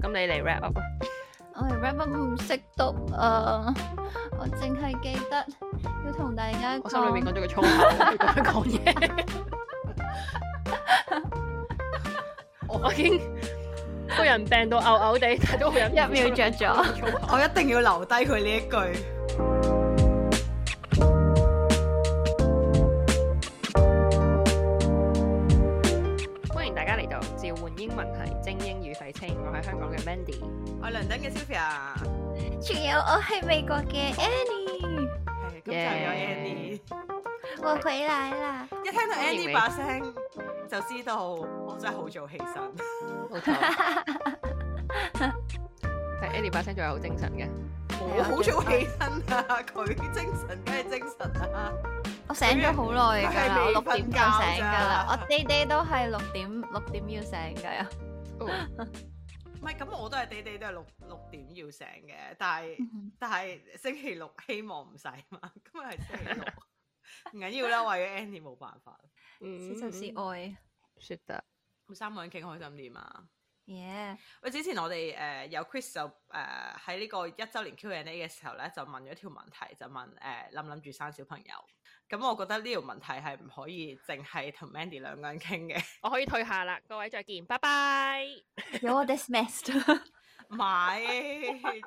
咁你嚟 rap up 啊！我嚟 rap up 唔識讀啊，我淨係記得要同大家。我心裏面講咗個粗口，佢講嘢。我已經個人病到嘔嘔地，但都一秒着咗。我一定要留低佢呢一句。等嘅 Sophia 啊！仲有我係美國嘅 Annie，係咁就係有 Annie。我回來啦！一聽到 Annie 把聲，就知道我真係好早起身。好睇，但係 Annie 把聲仲係好精神嘅。我好早起身啊，佢精神梗係精神啦。我醒咗好耐噶啦，我六點醒噶啦，我 day day 都係六點六點要醒噶啊。唔係咁，我地地都係啲啲都係六六點要醒嘅，但係但係星期六希望唔使嘛。今日係星期六，唔 緊要啦。為咗 Andy 冇辦法， 嗯，嗯，這就是愛，説得咁三個人傾開心啲嘛、啊！耶！喂，之前我哋誒、呃、有 Chris 就誒喺呢個一周年 Q&A 嘅時候咧，就問咗條問題，就問誒諗唔諗住生小朋友。咁、嗯、我覺得呢條問題係唔可以淨係同 Mandy 兩個人傾嘅。我可以退下啦，各位再見，拜拜。You are dismissed。 咪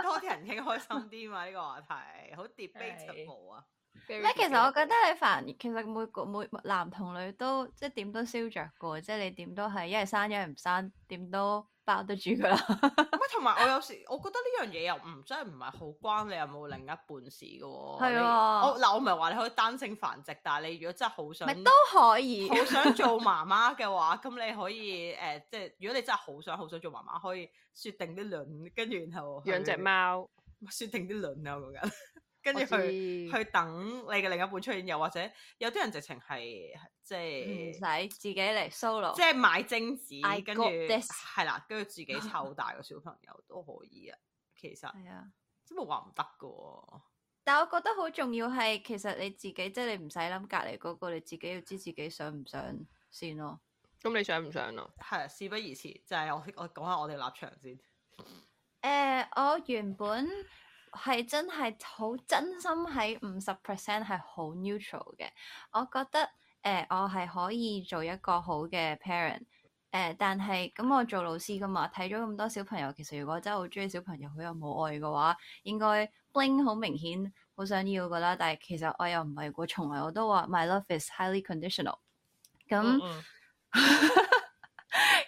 多啲人傾開心啲嘛？呢 個話題好 debatable 啊！咩對？Very 其實我覺得你煩，其實每個每男同女都即係點都燒着過，即係你點都係一係生一係唔生，點都。包得住佢啦 。咁同埋我有時，我覺得呢樣嘢又唔真係唔係好關你有冇另一半事嘅喎。係啊、哦。我嗱我唔係話你可以單性繁殖，但係你如果真係好想，都可以。好想做媽媽嘅話，咁 你可以誒、呃，即係如果你真係好想好想做媽媽，可以説定啲卵，跟住然後養隻貓。説定啲卵啊，我覺得。跟住去去等你嘅另一半出現，又或者有啲人直情係。即係唔使自己嚟 solo，即係買精子跟住係啦，跟住自己湊大個小朋友都可以啊。其實係 的啊，即冇話唔得噶。但係我覺得好重要係，其實你自己即係、就是、你唔使諗隔籬嗰個，你自己要知自己想唔想先咯。咁你想唔想啊？係啊 subway 事不宜遲，就係、是、我我講雷煩下我哋立場先。誒、呃，我原本係真係好真心喺五十 percent 係好 neutral 嘅，我覺得。誒、呃，我係可以做一個好嘅 parent，誒，但係咁、嗯、我做老師噶嘛，睇咗咁多小朋友，其實如果真係好中意小朋友，佢又冇愛嘅話，應該 bling 好明顯好想要噶啦。但係其實我又唔係個，從來我都話 my love is highly conditional。咁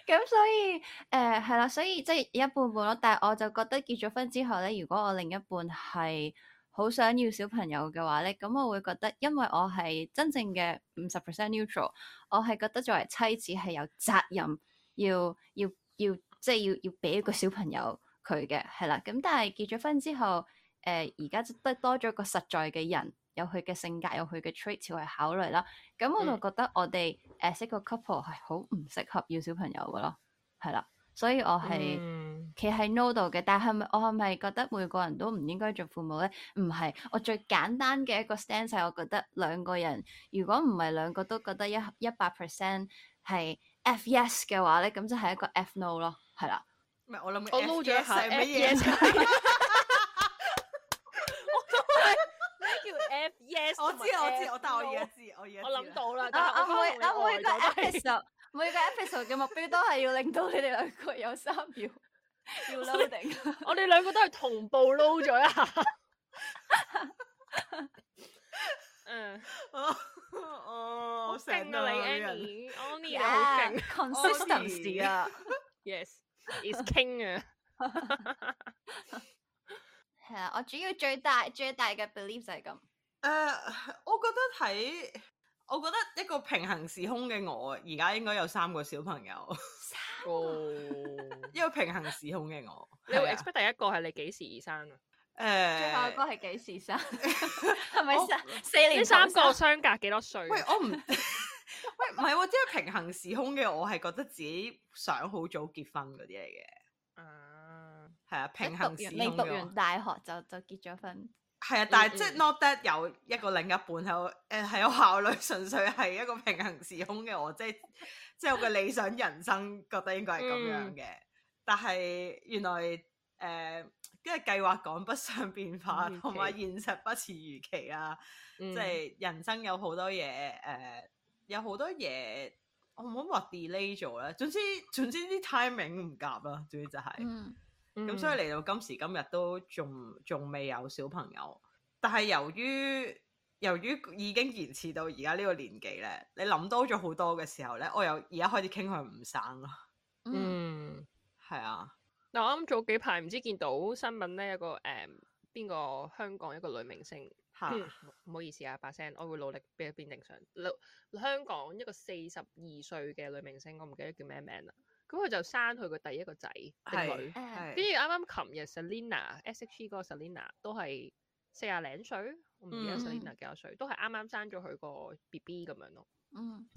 咁所以誒係啦，所以即係、呃就是、一半半咯。但係我就覺得結咗婚之後咧，如果我另一半係，好想要小朋友嘅話咧，咁我會覺得，因為我係真正嘅五十 percent neutral，我係覺得作為妻子係有責任要要要，即係要要俾一個小朋友佢嘅，係啦。咁但係結咗婚之後，誒而家多多咗個實在嘅人，有佢嘅性格，有佢嘅 traits 去考慮啦。咁我就覺得我哋誒、嗯、識個 couple 係好唔適合要小朋友㗎囉，係啦。所以我係。嗯企喺 no 度嘅，但係咪我係咪覺得每個人都唔應該做父母咧？唔係，我最簡單嘅一個 stance 係，我覺得兩個人如果唔係兩個都覺得一一百 percent 係 f yes 嘅話咧，咁就係一個 f no 咯，係啦。唔係我諗，我撈咗一下 f yes。我都係咩叫 f yes。我知我知，但我依家知，我依我諗到啦。我每我每個 episode 每個 episode 嘅目標都係要令到你哋兩個有三秒。要撈定，我哋兩個都係同步撈咗一下。嗯，我我好勁啊，你 Annie，Only，Consistency 啊，Yes，It's King 啊，係啊，我主要最大最大嘅 belief 就係咁。誒，我覺得喺。我覺得一個平行時空嘅我，而家應該有三個小朋友。哦，三個 一個平行時空嘅我， 吧你會 expect 第一個係你幾時而生啊？誒、哎，最後一個係幾時生？係咪三四年？呢三個相隔幾多歲？喂，我唔， 喂唔係喎，即係、哦就是、平行時空嘅我係覺得自己想好早結婚嗰啲嚟嘅。嗯，係啊，平行時空、嗯，你讀完大學就就結咗婚。係啊，但係即係 not that 有一個另一半喺我，誒係我效率純粹係一個平行時空嘅我，即係即係我嘅理想 人生，覺得應該係咁樣嘅。嗯、但係原來誒、呃，因為計劃趕不上變化，同埋其現實不似預期啊。即係、嗯、人生有好多嘢，誒、呃、有好多嘢，我唔好話 delay 咗啦。總之總之啲 timing 唔夾啦，總之就係、是。嗯咁、嗯、所以嚟到今時今日都仲仲未有小朋友，但係由於由於已經延遲到而家呢個年紀咧，你諗多咗好多嘅時候咧，我又而家開始傾向唔生咯。嗯，係、嗯、啊。嗱，我啱啱早幾排唔知見到新聞咧，一個誒邊、嗯、個香港一個女明星嚇，唔哈好意思啊，把聲，我會努力俾一啲定相。香港一個四十二歲嘅女明星，我唔記得叫咩名啦。咁佢就生佢個第一個仔，ina, 個女，跟住啱啱琴日 Selina S H E 嗰個 Selina 都係四廿零歲，我唔記得 Selina 幾多歲，嗯、都係啱啱生咗佢個 B B 咁樣咯。嗯，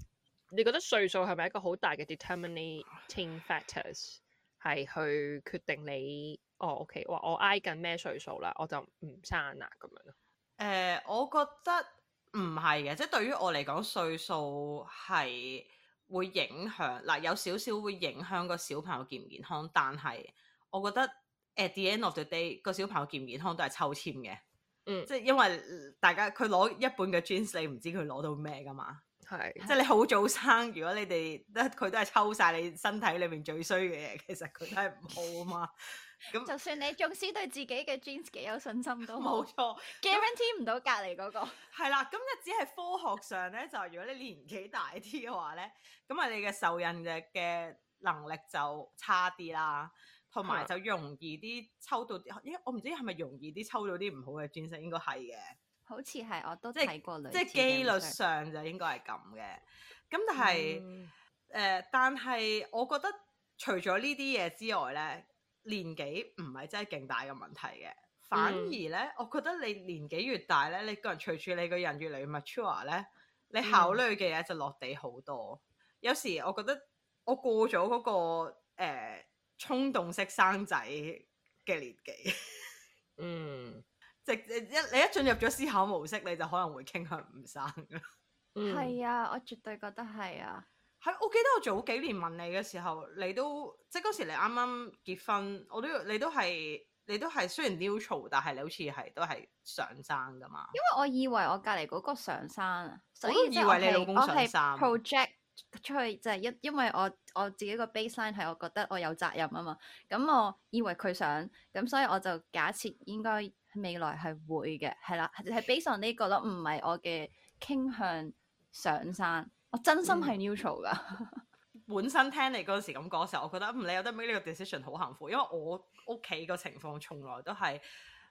你覺得歲數係咪一個好大嘅 determinating factors，係去決定你，哦，OK，哇，我挨緊咩歲數啦，我就唔生啦咁樣咯。誒、呃，我覺得唔係嘅，即係對於我嚟講，歲數係。會影響，嗱，有少少會影響個小朋友健唔健康，但係我覺得 at the end of the day 個小朋友健唔健康都係抽籤嘅，嗯、即係因為大家佢攞一半嘅 genes，你唔知佢攞到咩㗎嘛。是即係你好早生，如果你哋得佢都係抽晒你身體裏面最衰嘅嘢，其實佢都係唔好啊嘛。咁 就算你縱使對自己嘅 genes 幾有信心都冇錯，guarantee 唔到隔離嗰個那。係啦， 咁就只係科學上咧，就係如果你年紀大啲嘅話咧，咁啊你嘅受孕嘅嘅能力就差啲啦，同埋就容易啲抽到啲，因為我唔知係咪容易啲抽到啲唔好嘅 genes，應該係嘅。好似係我都睇過，即係機率上就應該係咁嘅。咁但係誒，但係我覺得除咗呢啲嘢之外咧，年紀唔係真係勁大嘅問題嘅。反而咧，我覺得你年紀越大咧，你個人隨住你個人越嚟越 mature 咧，你考慮嘅嘢就落地好多。有時我覺得我過咗嗰個誒衝動式生仔嘅年紀，嗯。即一你一進入咗思考模式，你就可能會傾向唔生啦。係 啊，我絕對覺得係啊。係我記得我早幾年問你嘅時候，你都即嗰時你啱啱結婚，我都你都係你都係雖然 neutral，但係你好似係都係上山噶嘛。因為我以為我隔離嗰個上山啊，所以我都以為你老公上山 project 出去就係、是、因因為我我自己個 baseline 係我覺得我有責任啊嘛。咁我以為佢想咁，所以我就假設應該。未來係會嘅，係啦，係、這個。b i s 呢覺得唔係我嘅傾向上生，我真心係 neutral 噶、嗯。本身聽你嗰時咁講嘅時候，我覺得唔理有得咩呢個 decision 好幸福，因為我屋企個情況從來都係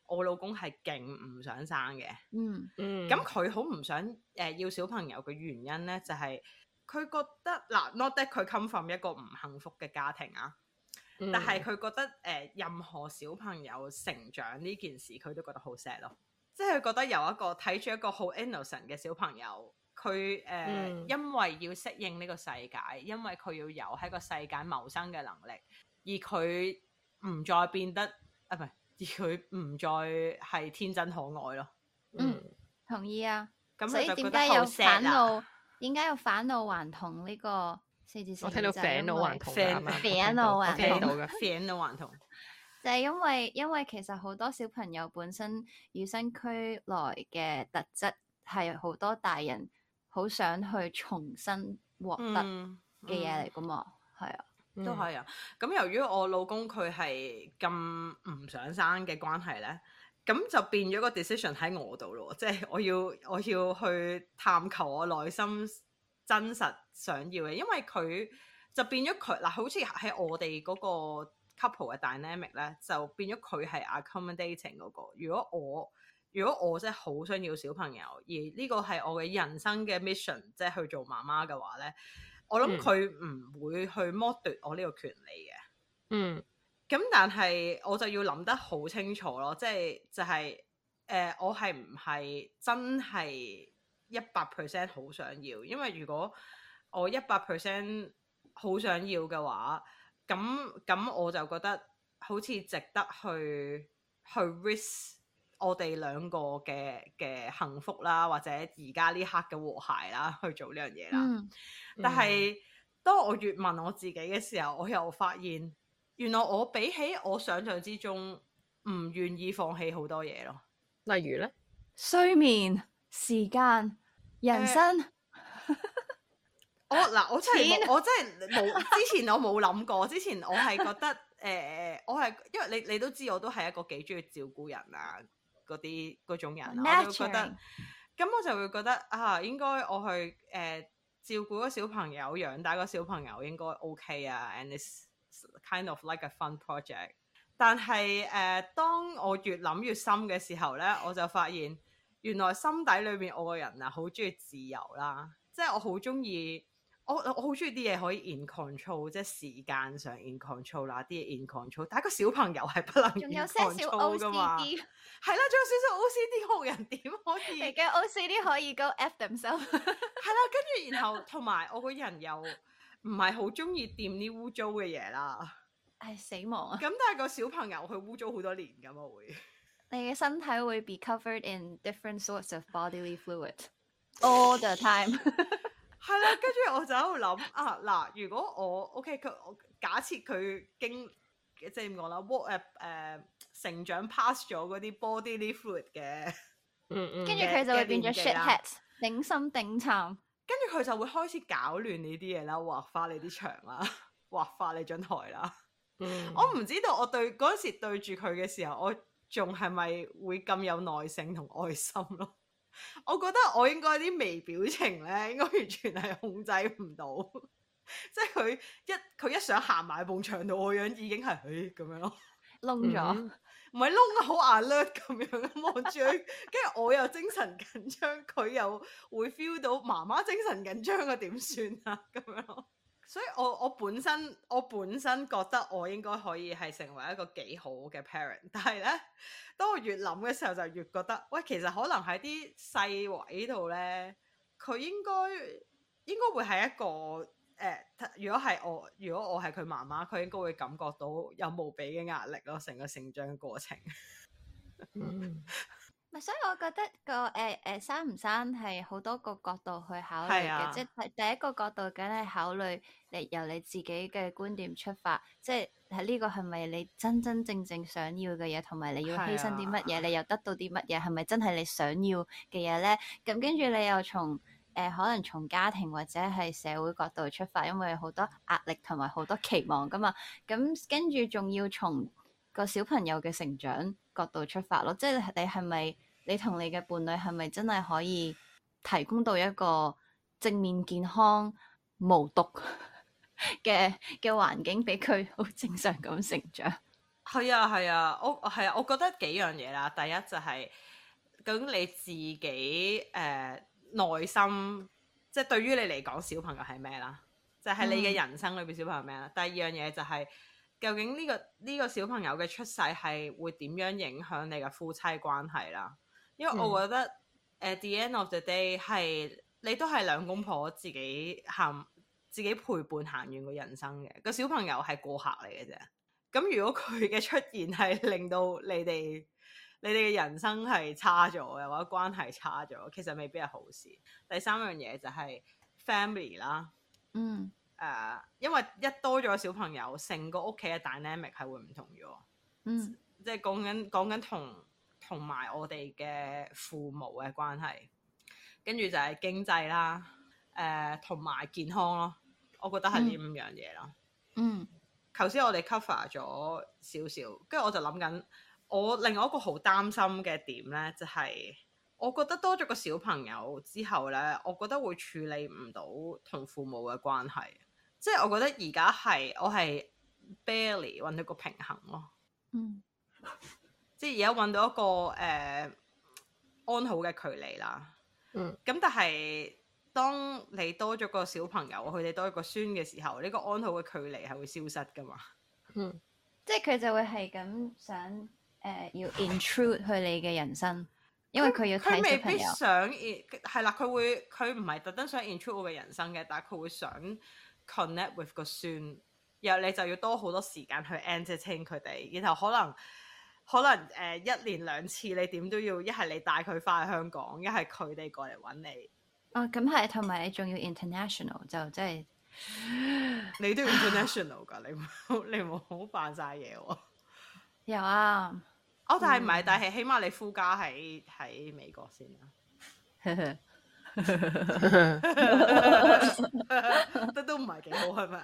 我老公係勁唔想生嘅。嗯，咁佢好唔想誒、呃、要小朋友嘅原因咧，就係、是、佢覺得嗱、呃、not that 佢 come from 一個唔幸福嘅家庭啊。但係佢覺得誒、呃、任何小朋友成長呢件事，佢都覺得好 sad 咯。即係佢覺得有一個睇住一個好 innocent 嘅小朋友，佢誒、呃嗯、因為要適應呢個世界，因為佢要有喺個世界謀生嘅能力，而佢唔再變得啊，唔係，而佢唔再係天真可愛咯。嗯，同意啊。咁、嗯、所以點解有返老？點解有返老還童呢個？四字詞，我聽到返老還童、返老還童，就係 因為因為其實好多小朋友本身與生俱來嘅特質，係好多大人好想去重新獲得嘅嘢嚟噶嘛，係、嗯嗯、啊，都係啊。咁由於我老公佢係咁唔想生嘅關係咧，咁就變咗個 decision 喺我度咯，即、就、係、是、我要我要去探求我內心。真實想要嘅，因為佢就變咗佢嗱，好似喺我哋嗰個 couple 嘅 dynamic 咧，就變咗佢係 accommodating 嗰個。如果我如果我真係好想要小朋友，而呢個係我嘅人生嘅 mission，即係去做媽媽嘅話咧，我諗佢唔會去剝奪我呢個權利嘅。嗯，咁但係我就要諗得好清楚咯，即係就係、是、誒、呃，我係唔係真係一百 percent 好想要，因為如果我一百 percent 好想要嘅話，咁咁我就覺得好似值得去去 risk 我哋兩個嘅嘅幸福啦，或者而家呢刻嘅和諧啦，去做呢樣嘢啦。嗯嗯。但係當我越問我自己嘅時候，我又發現原來我比起我想象之中唔願意放棄好多嘢咯。例如咧，睡眠時間。人生，uh, 我嗱我真係冇，我真係冇。之前我冇諗過，之前我係覺得誒，uh, 我係因為你你都知，我都係一個幾中意照顧人啊嗰啲嗰種人，啊，我都覺得。咁我就會覺得，會覺得啊，應該我去誒、uh, 照顧個小朋友，養大個小朋友應該 OK 啊，and it's kind of like a fun project 但。但係誒，當我越諗越深嘅時候咧，我就發現。原來心底裏面我個人啊，好中意自由啦，即係我好中意，我我好中意啲嘢可以 in control，即係時間上 in control 啦，啲嘢 in control，但係個小朋友係不能 in control 噶嘛。係啦，仲有少少 OCD，係啦，仲有少少 OCD 好人點可以？嚟嘅 OCD 可以 go f them self 係啦，跟住然後同埋我個人又唔係好中意掂啲污糟嘅嘢啦，係、哎、死亡啊，咁但係個小朋友佢污糟好多年噶嘛會。你嘅身體會 be covered in different sorts of bodily fluid all the time。係啦，跟住我就喺度諗啊嗱，如果我 OK 佢，假設佢經即係點講啦，what 誒誒成長 pass 咗嗰啲 bodily fluid 嘅，嗯嗯，跟住佢就會變咗 shithead 頂心頂肺。跟住佢就會開始搞亂呢啲嘢啦，畫花你啲牆啦，畫花你張台啦。嗯，我唔知道我對嗰陣時對住佢嘅時候我。仲係咪會咁有耐性同愛心咯？ 我覺得我應該啲微表情咧，應該完全係控制唔到， 即係佢一佢一想行埋埲牆度，我樣已經係唉咁樣咯，燙咗了，唔係燙好 alert 咁樣，望住佢，跟住我又精神緊張，佢又會 feel 到媽媽精神緊張我點算啊？咁樣咯。所以我我本身我本身覺得我應該可以係成為一個幾好嘅 parent，但係呢，當我越諗嘅時候就越覺得，喂，其實可能喺啲細位度呢，佢應該應該會係一個誒、呃，如果係我，如果我係佢媽媽，佢應該會感覺到有無比嘅壓力咯，成個成長嘅過程。嗯。唔係，所以我覺得、個誒誒、呃呃、生唔生係好多個角度去考慮嘅，啊、即係第一個角度梗係考慮你由你自己嘅觀點出發，即係係呢個係咪你真真正正想要嘅嘢，同埋你要犧牲啲乜嘢，啊、你又得到啲乜嘢，係咪真係你想要嘅嘢咧？咁跟住你又從誒、呃、可能從家庭或者係社會角度出發，因為好多壓力同埋好多期望噶嘛。咁跟住仲要從個小朋友嘅成長，角度出發咯，即係你係咪你同你嘅伴侶係咪真係可以提供到一個正面健康無毒嘅嘅環境俾佢好正常咁成長？係啊係啊，我係啊，我覺得幾樣嘢啦。第一就係究竟你自己誒、呃、內心，即係對於你嚟講小朋友係咩啦？就係你嘅人生裏邊小朋友咩啦？嗯、第二樣嘢就係。究竟呢個呢個小朋友嘅出世係會點樣影響你嘅夫妻關係啦？因為我覺得，嗯，at the end of the day 係你都係兩公婆自己行，自己陪伴行完個人生嘅。個小朋友係過客嚟嘅啫。咁如果佢嘅出現係令到你哋你哋嘅人生係差咗嘅，或者關係差咗，其實未必係好事。第三樣嘢就係 family 啦。嗯。誒，uh, 因為一多咗小朋友，成個屋企嘅 dynamic 係會唔同咗。嗯，即係講緊講緊同同埋我哋嘅父母嘅關係，跟住就係經濟啦，誒、呃，同埋健康咯。我覺得係呢五樣嘢咯。嗯，頭先我哋 cover 咗少少，跟住我就諗緊，我另外一個好擔心嘅點咧，就係、是、我覺得多咗個小朋友之後咧，我覺得會處理唔到同父母嘅關係。即係我覺得而家係我係 barely 揾到個平衡咯。嗯，即係而家揾到一個誒、呃、安好嘅距離啦。嗯，咁但係當你多咗個小朋友，佢哋多一個孫嘅時候，呢、呢個安好嘅距離係會消失噶嘛。嗯，即係佢就會係咁想誒、呃、要 intrude 去你嘅人生， 因為佢要睇小朋友。佢未必想 i 係、欸、啦。佢會，佢唔係特登想 intrude 我嘅人生嘅，但係佢會想。connect with 個孫，然後你就要多好多時間去 entertain 佢哋，然後可能可能誒、uh, 一年兩次，你點都要一係你帶佢翻去香港，一係佢哋過嚟揾你。哦，咁係，同埋你仲要 international 就即、就、係、係， 你都要 international 㗎，你你唔好扮晒嘢喎。有啊，我、oh, 但係唔係，嗯、但係起碼你夫家喺喺美國先啊。 都都唔係幾好係咪？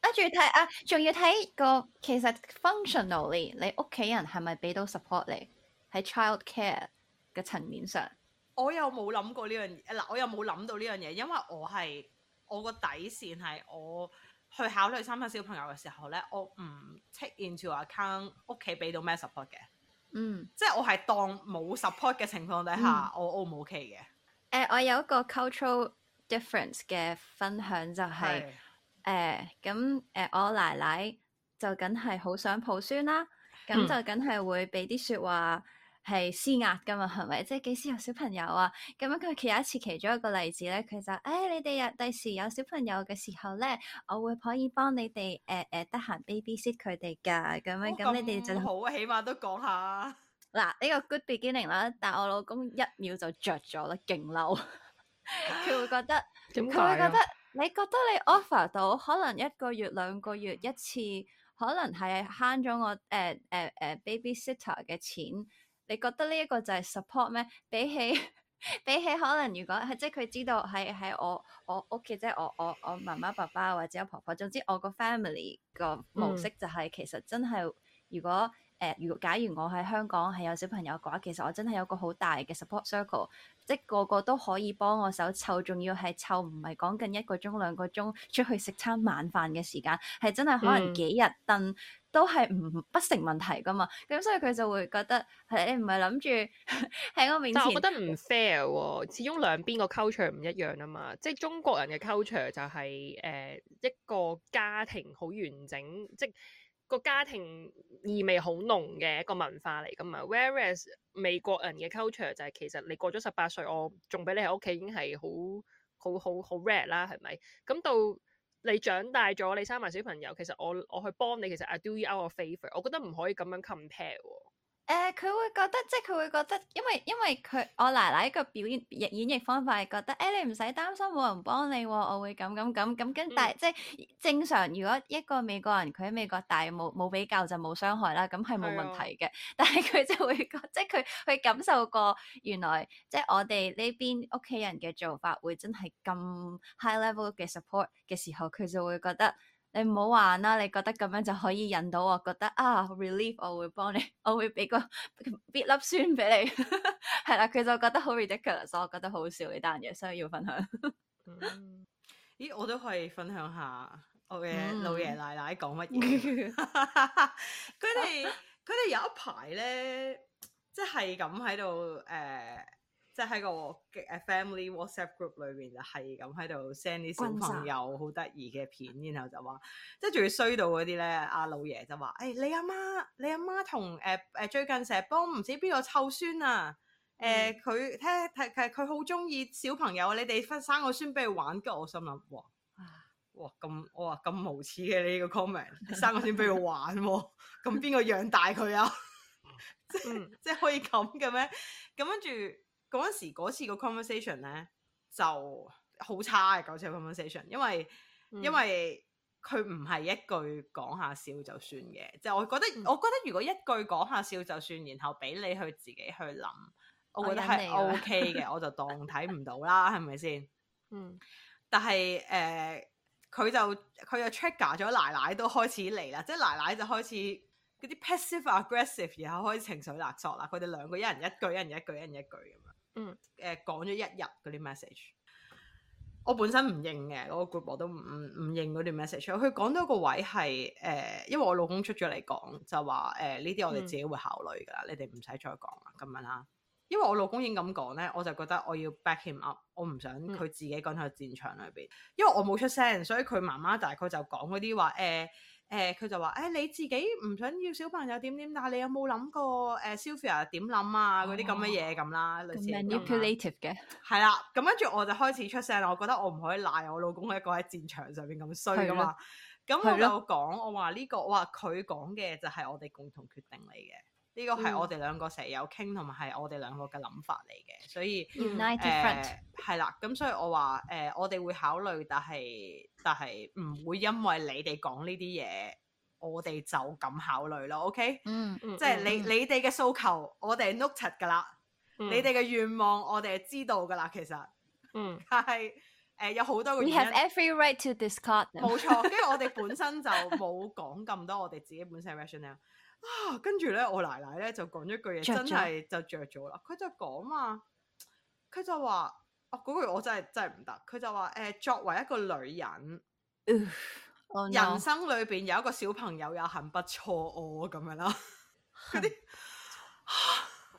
啊，仲要睇啊，仲要睇個，其實 functionally 你屋企人係咪俾到 support 你喺 childcare 嘅層面上？ 我又冇諗過呢樣嘢，嗱我又冇諗到呢樣嘢，因為我係我個底線係我去考慮生翻小朋友嘅時候咧，我唔 take into account 屋企俾到咩 support 嘅。嗯，即係我係當冇 support 嘅情況底下，嗯、我 O 唔 OK 嘅？誒、呃，我有一個 cultural difference 嘅分享就係、是、誒，咁誒的、呃呃、我奶奶就梗係好想抱孫啦，咁就梗係會俾啲說話。嗯係施壓噶嘛，係咪？即係幾時有小朋友啊？咁樣佢其有一次其中一個例子咧，佢就誒、欸，你哋有第時有小朋友嘅時候咧，我會可以幫你哋誒誒，得閒 babysit 佢哋噶咁樣。咁你哋就好，起碼都講下嗱呢個 good beginning 啦。但我老公一秒就着咗啦，勁嬲，佢 會覺得點解？佢裡會覺得你覺得你 offer 到可能一個月兩個月一次，可能係慳咗我誒誒誒 babysitter 嘅錢。你覺得呢一個就係 support 咩？比起比起可能，如果即係佢知道係係我我屋企，即係我我我媽媽爸爸或者我婆婆，總之我個 family 個模式就係，嗯，其實真係如果。誒，如果、呃、假如我喺香港係有小朋友嘅話，其實我真係有個好大嘅 support circle，即係個個都可以幫我手湊，仲要係湊唔係講緊一個鐘兩個鐘出去食餐晚飯嘅時間，係真係可能幾日燉、嗯、都係唔不，不成問題㗎嘛。咁所以佢就會覺得係你唔係諗住喺我面前。但係我覺得唔 fair，哦、始終兩邊個 culture 唔一樣啊嘛。即係中國人嘅 culture 就係、是、誒、呃、一個家庭好完整，即個家庭意味好濃嘅一個文化嚟㗎嘛，Whereas 美國人嘅 culture 就係、是、其實你過咗十八歲，我仲俾你喺屋企已經係好好好好 rare 啦，係咪？咁到你長大咗，你生埋小朋友，其實我我去幫你，其實 I do you a favour，我覺得唔可以咁樣 compare 喎。誒佢、呃、會覺得，即係佢會覺得，因為因為佢我奶奶個表演演繹方法係覺得，誒、欸、你唔使擔心冇人幫你喎，我會咁咁咁咁跟。但係即係正常，如果一個美國人佢喺美國大冇冇比較就冇傷害啦，咁係冇問題嘅。嗯、但係佢就會覺得，即係佢去感受過原來即係我哋呢邊屋企人嘅做法會真係咁 high level 嘅 support 嘅時候，佢就會覺得。你唔好玩啦！你覺得咁樣就可以引到我，覺得啊，relief，我會幫你，我會俾個 bit 粒酸俾你，係 啦，佢就我覺得好 ridiculous，我覺得好笑呢單嘢，所以要分享。 咦，我都可以分享下我嘅老爺奶奶講乜嘢？佢哋佢哋有一排咧，即係咁喺度誒。呃即喺個誒 family WhatsApp group 裏邊就係咁喺度 send 啲小朋友好得意嘅片，oh、my 然後就話 即係仲要衰到嗰啲咧，阿老爺就話：誒你阿媽，你阿媽同誒誒最近成日幫唔知邊個湊孫啊？誒佢聽睇佢好中意小朋友，你哋分生個孫俾佢玩，跟住我心諗哇哇咁，我話咁無恥嘅呢個 comment，生個孫俾佢玩喎，咁邊個養大佢啊？ 即即可以咁嘅咩？咁跟住。嗰陣時嗰次個 conversation 咧就好差啊！嗰次 conversation，因為、嗯、因為佢唔係一句講下笑就算嘅，嗯、即係我覺得我覺得如果一句講下笑就算，然後俾你去自己去諗，我覺得係 OK 嘅，我，我就當睇唔到啦，係咪先？嗯，但係誒，佢、呃、就佢就 trigger 咗奶奶都開始嚟啦，即係奶奶就開始嗰啲 passive aggressive，然後開始情緒勒索啦。佢哋兩個一人一句，一人一句，一人一句咁。一嗯，誒，講咗一日嗰啲 message，我本身唔認嘅，我、那、group、個、我都唔唔唔認嗰啲 message。佢講到個位係，誒、呃，因為我老公出咗嚟講，就話，誒、呃，呢啲我哋自己會考慮噶啦，嗯、你哋唔使再講啦，咁樣啦。因為我老公已經咁講咧，我就覺得我要 back him up，我唔想佢自己滾去戰場裏邊，嗯、因為我冇出聲，所以佢媽媽大概就講嗰啲話，誒、呃。誒佢、呃、就話誒、欸、你自己唔想要小朋友點點，但係你有冇諗過誒 Sophia 點諗啊？嗰啲咁嘅嘢咁啦，類似嘅。Manipulative 嘅係啦，咁跟住我就開始出聲啦。我覺得我唔可以賴我老公一個喺戰場上邊咁衰噶嘛。咁了、嗯、我就講，我話呢、呢個我話佢講嘅就係我哋共同決定嚟嘅。呢個係我哋兩個成日有傾，同埋係我哋兩個嘅諗法嚟嘅。所以誒係啦，咁、嗯嗯嗯、所以我話誒、呃、我哋、呃、會考慮是，但係。但係唔會因為你哋講呢啲嘢，我哋就咁考慮咯，OK？嗯，即、嗯、係你你哋嘅訴求，我哋 note 嘅啦。嗯、你哋嘅願望，我哋係知道嘅啦，其實。嗯。但係誒、呃，有好多個原因。We have every right to discuss。冇錯，跟住我哋本身就冇講咁多，我哋自己本身 rationale。啊，跟住咧，我奶奶咧就講咗句嘢，著著真係就着咗啦。佢就講嘛，佢就話。哦，嗰、那、句、個、我真係真係唔得，佢就話誒、呃，作為一個女人，呃哦、人生裏邊有一個小朋友也很不錯，哦。咁樣啦。嗰啲 些，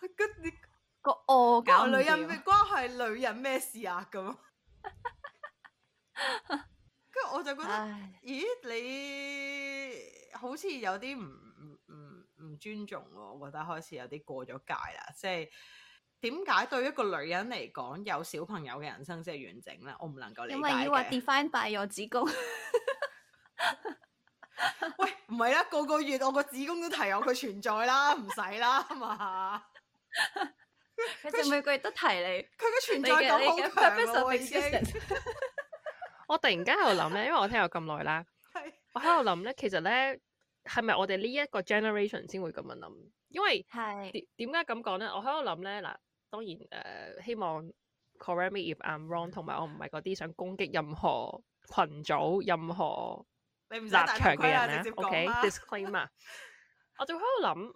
嗰啲個哦，教 女人咩關係？女人咩事啊？咁，跟住我就覺得，唉咦，你好似有啲唔唔唔尊重我，我覺得開始有啲過咗界啦，即、就、係、是。點解對一個女人嚟講，有小朋友嘅人生先係完整咧？我唔能夠理解。因為要話 define by 我子宮。 喂，唔係啦，個個月我個子宮都提我佢存在啦，唔使 啦嘛。佢哋 每個月都提你，佢嘅存在感好強咯。 我突然間喺度諗咧，因為我聽咗咁耐啦， 是我喺度諗咧，其實咧係咪我哋呢一個 generation 先會咁樣諗？因為係。點解咁講咧？我喺度諗咧嗱。當然誒，希望 correct me if I'm wrong，同埋我唔係嗰啲想攻擊任何群組、任何立場嘅人啊。OK，disclaimer。我就喺度諗，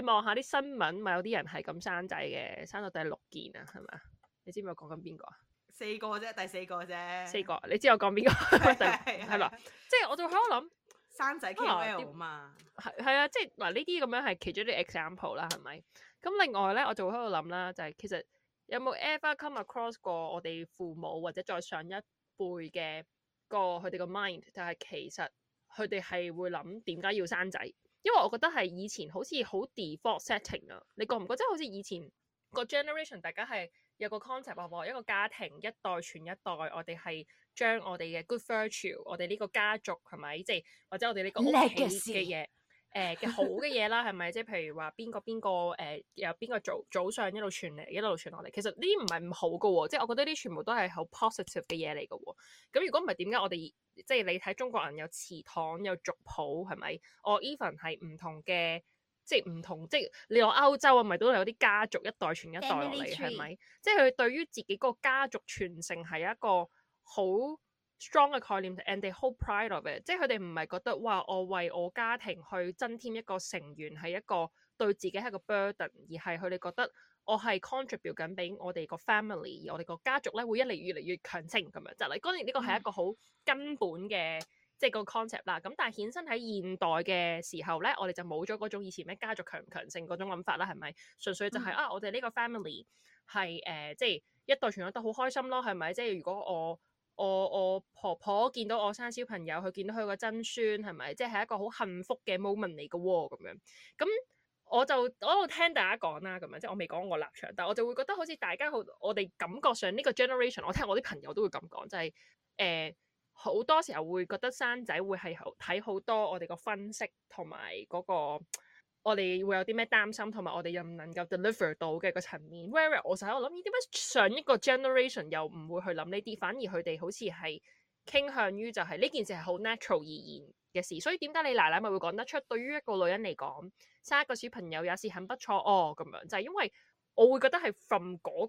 你望下啲新聞，咪有啲人係咁生仔嘅，生到第六件啊，係咪啊？你知唔知我講緊邊個啊？四個啫，第四個啫，四個。你知我講邊個？係啦， 即係我就喺度諗。生仔 care 咩嘛？係係啊，即係嗱呢啲咁樣係其中啲 example 啦，係咪？咁另外咧，我就喺度諗啦，就係其實有冇 ever come across 過我哋父母或者再上一輩嘅個佢哋個 mind，就係其實佢哋係會諗點解要生仔？因為我覺得係以前好似好 default setting 啊，你覺唔覺得？好似以前個 generation 大家係。有個 concept 一個家庭一代傳一代，我哋係將我哋嘅 good virtue，我哋呢個家族係咪，即係、就是、或者我哋呢個屋企嘅嘢，誒嘅 Legacy.、呃、好嘅嘢啦，係咪？即係 譬如話邊個邊、呃、個誒由邊個早早上一路傳嚟，一路傳落嚟。其實呢啲唔係唔好㗎喎、哦，即係我覺得呢啲全部都係好 positive 嘅嘢嚟㗎喎、哦。咁如果唔係點解我哋即係你睇中國人有祠堂有族譜係咪？我 even 係唔同嘅。即係唔同，即係你話歐洲啊，咪都有啲家族一代傳一代落嚟，係咪？ 即係佢對於自己嗰個家族傳承係一個好 strong 嘅概念，and they hold pride of it。即係佢哋唔係覺得話我為我家庭去增添一個成員係一個對自己係一個 burden，而係佢哋覺得我係 contribute 緊俾我哋個 family，而我哋個家族咧會一嚟越嚟越，越強盛咁樣。就係當然呢個係一個好根本嘅。嗯即係個 concept 啦，咁但係顯身喺現代嘅時候咧，我哋就冇咗嗰種以前咩家族強唔強盛嗰種諗法啦，係咪？純粹就係、是嗯、啊，我哋呢個 family 係誒、呃，即係一代傳咗得好開心咯，係咪？即係如果我我我婆婆見到我生小朋友，佢見到佢個曾孫，係咪？即係一個好幸福嘅 moment 嚟嘅喎、啊，咁樣。咁我就我喺度聽大家講啦，咁樣即係我未講我立場，但係我就會覺得好似大家好，我哋感覺上呢個 generation，我聽我啲朋友都會咁講，就係、是、誒。呃好多時候會覺得生仔會係睇，好多我哋個分析同埋嗰個我哋會有啲咩擔心，同埋我哋又唔能夠 deliver 到嘅個層面。whereas 我成日我諗，點解上一個 generation 又唔會去諗呢啲，反而佢哋好似係傾向於就係呢件事係好 natural 而言嘅事。所以點解你奶奶咪會講得出？對於一個女人嚟講，生一個小朋友也是很不錯哦。咁樣就係、是、因為我會覺得係 from 嗰、那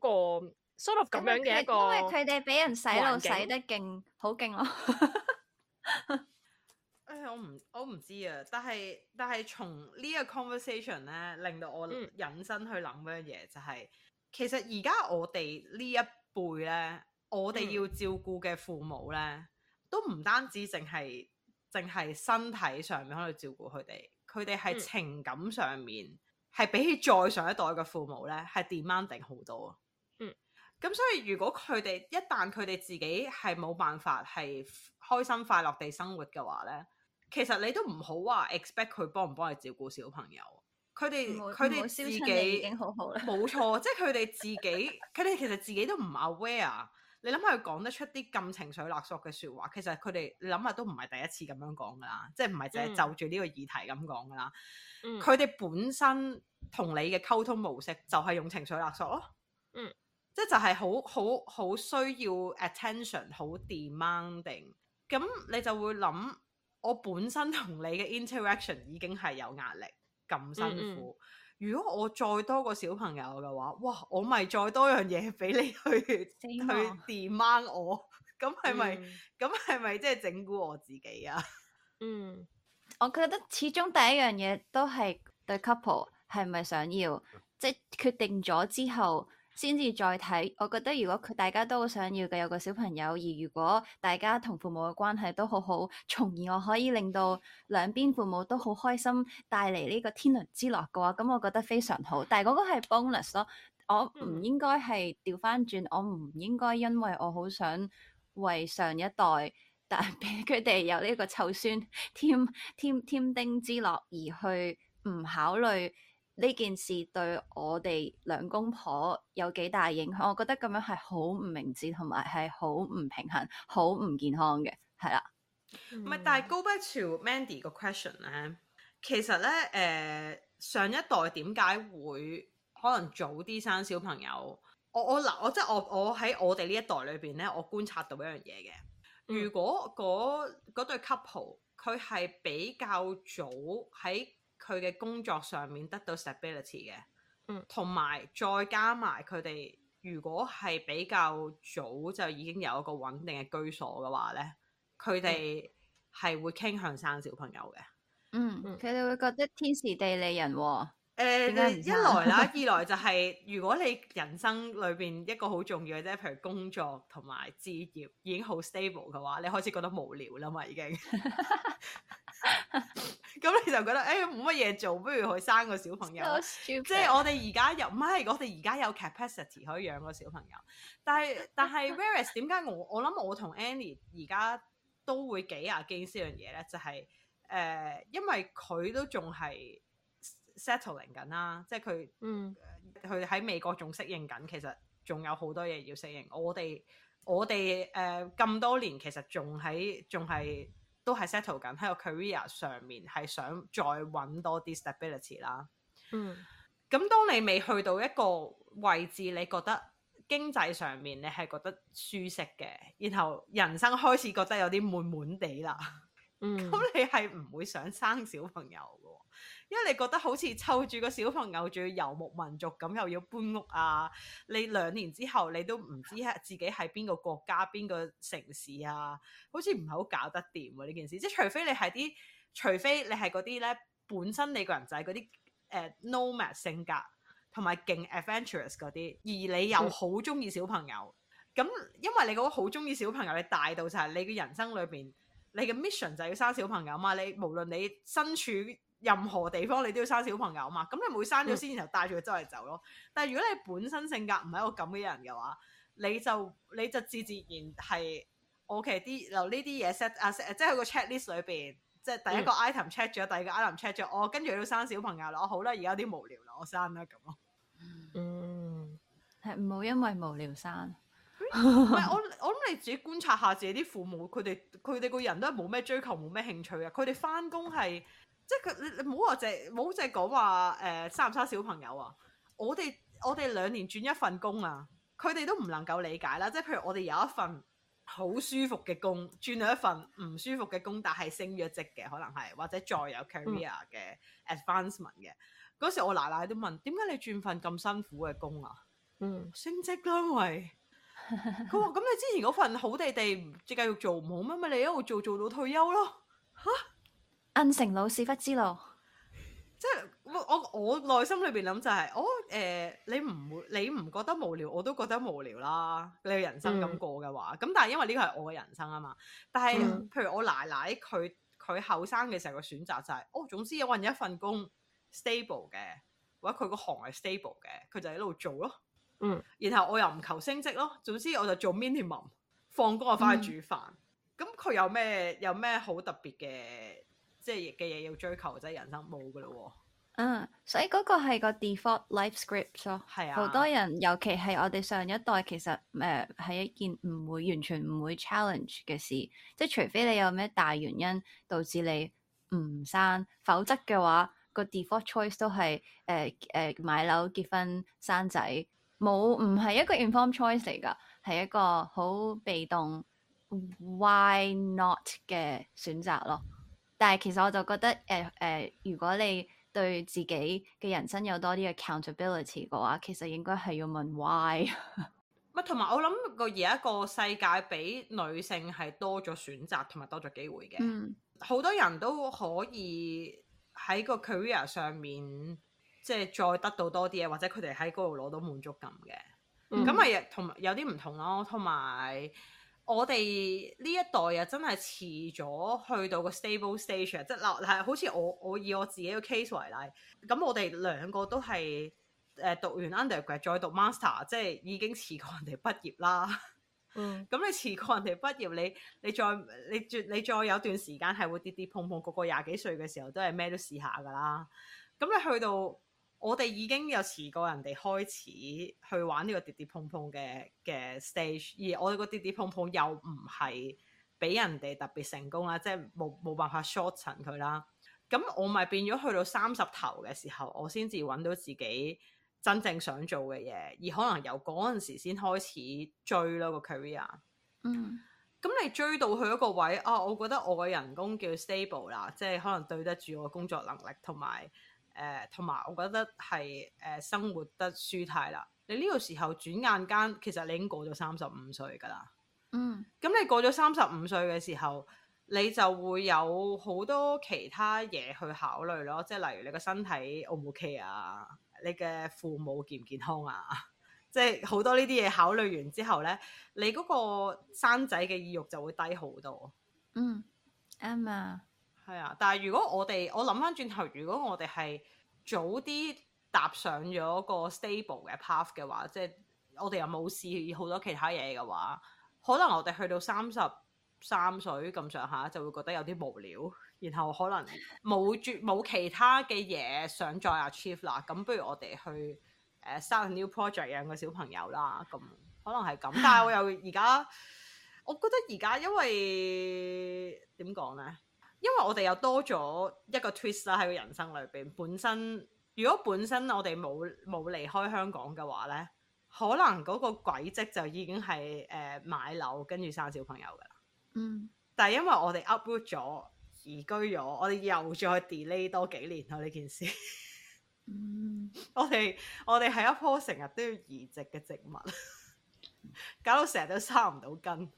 個。s o sort 咁 of、like、們樣嘅一個，因為佢哋俾人洗腦洗得勁，好勁咯。誒、 哎，我唔，我唔知啊。但係，但係從呢個 conversation 咧，令到我引申去諗樣嘢，就係、嗯、其實而家我哋呢一輩咧，我哋要照顧嘅父母咧，嗯、都唔單止淨係淨係身體上面喺度照顧佢哋，佢哋係情感上面係、嗯、比起再上一代嘅父母咧，係 demanding 好多。咁所以，如果佢哋一旦佢哋自己係冇辦法係開心快樂地生活嘅話咧，其實你都唔好話 expect 佢幫唔幫你照顧小朋友。佢哋佢哋自己已經好好啦，冇錯會，即係佢哋自己，佢哋 其實自己都唔 aware。你諗下佢講得出啲咁情緒勒索嘅説話，其實佢哋你諗下都唔係第一次咁樣講噶啦，即係唔係淨係就住呢個議題咁講噶啦。佢哋、嗯、本身同你嘅溝通模式就係用情緒勒索咯。嗯。即就係好好好需要 attention，好 demanding。咁你就會諗，我本身同你嘅 interaction 已經係有壓力咁辛苦。嗯嗯，如果我再多個小朋友嘅話，哇，我咪再多樣嘢俾你去了去 demand 我咁係咪？咁係咪即係整蠱我自己啊？嗯，我覺得始終第一樣嘢都係對 couple 係咪想要，即、就係、決定咗之後。先至再睇，我覺得如果佢大家都好想要嘅有個小朋友，而如果大家同父母嘅關係都好好，從而我可以令到兩邊父母都好開心，帶嚟呢個天倫之樂嘅話，咁我覺得非常好。但係嗰個係 bonus 咯，我唔應該係掉返轉，我唔應該因為我好想為上一代但帶俾佢哋有呢個湊孫添添添丁之樂而去唔考慮。呢件事對我哋兩公婆有幾大影響？我覺得咁樣係好唔明智，同埋係好唔平衡、好唔健康嘅，係啦。唔係、嗯，但係 Go back to Mandy 個 question 咧，其實咧，誒、呃、上一代點解會可能早啲生小朋友？我我嗱，我即係我我喺我哋呢一代裏邊咧，我觀察到一樣嘢嘅。如果嗰嗰對 couple 佢係比較早喺，佢嘅工作上面得到 stability 嘅，嗯，同埋再加埋佢哋如果係比較早就已經有一個穩定嘅居所嘅話咧，佢哋係會傾向生小朋友嘅。嗯，佢哋、嗯、會覺得天時地利人和，哦嗯呃。一來啦，二來就係、是、如果你人生裏邊一個好重要嘅啫、就是，譬如工作同埋置業已經好 stable 嘅話，你開始覺得無聊啦嘛，已經。 咁 你就覺得誒冇乜嘢做，不如去生個小朋友。So stupid. 即係我哋而家有，唔係我哋而家有 capacity 可以養個小朋友。但係但係，Whereas 點解我我諗我同 Annie 而家都會幾啊驚呢樣嘢咧？就係、是、誒、呃，因為佢都仲係 settling 緊啦，即係佢、mm. 嗯佢喺美國仲適應緊，其實仲有好多嘢要適應。我哋我哋誒咁多年，其實仲喺仲係。都係 settle 緊，喺個 career 上面，係想再揾多啲 stability 啦。嗯，咁當你未去到一個位置，你覺得經濟上面你係覺得舒適嘅，然後人生開始覺得有啲悶悶地啦。 嗯，咁你係唔會想生小朋友。因為你覺得好似湊住個小朋友仲要遊牧民族咁，又要搬屋啊！你兩年之後你都唔知自己喺邊個國家、邊個城市啊？好似唔係好搞得掂喎呢件事。即係除非你係啲，除非你係嗰啲咧，本身你個人就係嗰啲誒、呃、nomad 性格，同埋勁 adventurous 嗰啲，而你又好中意小朋友。咁、嗯、因為你嗰好中意小朋友，你大到就係你嘅人生裏邊，你嘅 mission 就要生小朋友嘛。你無論你身處，任何地方你都要生小朋友嘛？咁你會生咗先，然後帶住佢周圍走咯。嗯、但係如果你本身性格唔係一個咁嘅人嘅話，你就你就自自然係 O K 啲。就呢啲嘢 set 啊，即係去個 check list 裏邊，即係第一個 item check 咗，第二個 item check 咗，我跟住要生小朋友咯。好啦，而家有啲無聊啦，我生啦咁咯。嗯，係唔好因為無聊生。唔 係我我諗你自己觀察下自己啲父母，佢哋佢哋個人都係冇咩追求，冇咩興趣嘅。佢哋翻工係。即係佢，你你唔好話就係，唔好就係講話誒生唔生小朋友啊！我哋我哋兩年轉一份工啊，佢哋都唔能夠理解啦。即係譬如我哋有一份好舒服嘅工，轉到一份唔舒服嘅工，但係升咗職嘅，可能係或者再有 career 嘅 advancement 嘅。嗰、嗯、時我奶奶都問：點解你轉份咁辛苦嘅工啊？嗯，升職啦，因為佢話：咁 你之前嗰份好地地，即係繼續做唔好乜乜，你一路做做到退休咯嚇？恩城老屎忽之路，即係我我我內心裏邊諗就係、是，哦，誒、呃，你唔會你唔覺得無聊，我都覺得無聊啦。你人生咁過嘅話，咁、嗯、但係因為呢個係我嘅人生啊嘛。但係譬如我奶奶佢佢後生嘅時候嘅選擇就係、是，哦，總之我搵一份工 stable 嘅，或者佢個行係 stable 嘅，佢就喺度做咯。嗯，然後我又唔求升職咯，總之我就做 minimum，放工我翻去煮飯。咁佢、嗯、有咩有咩好特別嘅？即係嘅嘢要追求，即係人生冇㗎喇喎。嗯，uh, 所以嗰個係個 default life script 咯，係啊。好多人，尤其係我哋上一代，其實誒係、呃、一件唔會完全唔會 challenge 嘅事。即係除非你有咩大原因導致你唔生，否則嘅話，個 default choice 都係誒誒買樓結婚生仔，冇唔係一個 informed choice 嚟㗎，係一個好被動 why not 嘅選擇咯。但係其實我就覺得，誒、呃、誒、呃，如果你對自己嘅人生有多啲 accountability 嘅話，其實應該係要問 why。唔係同埋我諗個而家個世界俾女性係多咗選擇同埋多咗機會嘅，嗯、好多人都可以喺個 career 上面，即係再得到多啲嘢，或者佢哋喺嗰度攞到滿足感嘅。咁咪同埋有啲唔同咯，同埋。我哋呢一代又真係遲咗去到個 stable station，即係嗱，係好似我我以我自己個 case 為例，咁我哋兩個都係誒讀完 undergrad 再讀 master，即係已經遲過人哋畢業啦。嗯，咁你遲過人哋畢業，你你再你再你再有段時間係會跌跌碰碰，個個廿幾歲嘅時候都係咩都試下㗎啦。咁你去到～我哋已經有遲過人哋開始去玩呢個跌跌碰碰嘅嘅 stage，而我哋個跌跌碰碰又唔係俾人哋特別成功啦，即係冇冇辦法 shorten 佢啦。咁我咪變咗去到三十頭嘅時候，我先至揾到自己真正想做嘅嘢，而可能由嗰陣時先開始追咯個 career。嗯，咁你追到去一個位啊，我覺得我個人工叫 stable 啦，即係可能對得住我工作能力同埋。誒同埋，嗯、我覺得係誒、呃、生活得舒泰啦。你呢個時候轉眼間，其實你已經過咗三十五歲噶啦。嗯，咁你過咗三十五歲嘅時候，你就會有好多其他嘢去考慮咯。即係例如你個身體 O 唔 O K 啊，你嘅父母健唔健康啊，即係好多呢啲嘢考慮完之後呢，你嗰個生仔嘅意欲就會低好多。嗯，啱啊。係啊，但係如果我哋，我諗翻轉頭，如果我哋係早啲踏上咗個 stable 嘅 path 嘅話，即係我哋又冇試好多其他嘢嘅話，可能我哋去到三十三歲咁上下就會覺得有啲無聊，然後可能冇絕冇其他嘅嘢想再 achieve 啦。咁不如我哋去誒、uh, start a new project 養個小朋友啦。咁可能係咁，但係我又，而家我覺得而家因為點講咧？因為我哋又多咗一個 twist 啦喺個人生裏邊，本身如果本身我哋冇冇離開香港嘅話呢，可能嗰個軌跡就已經係誒、呃、買樓，跟住生小朋友噶啦。嗯、但係因為我哋 uproot 咗，移居咗，我哋又再 delay 多幾年喎呢件事。 嗯、我哋我哋係一棵成日都要移植嘅植物， 搞到成日都生唔到根。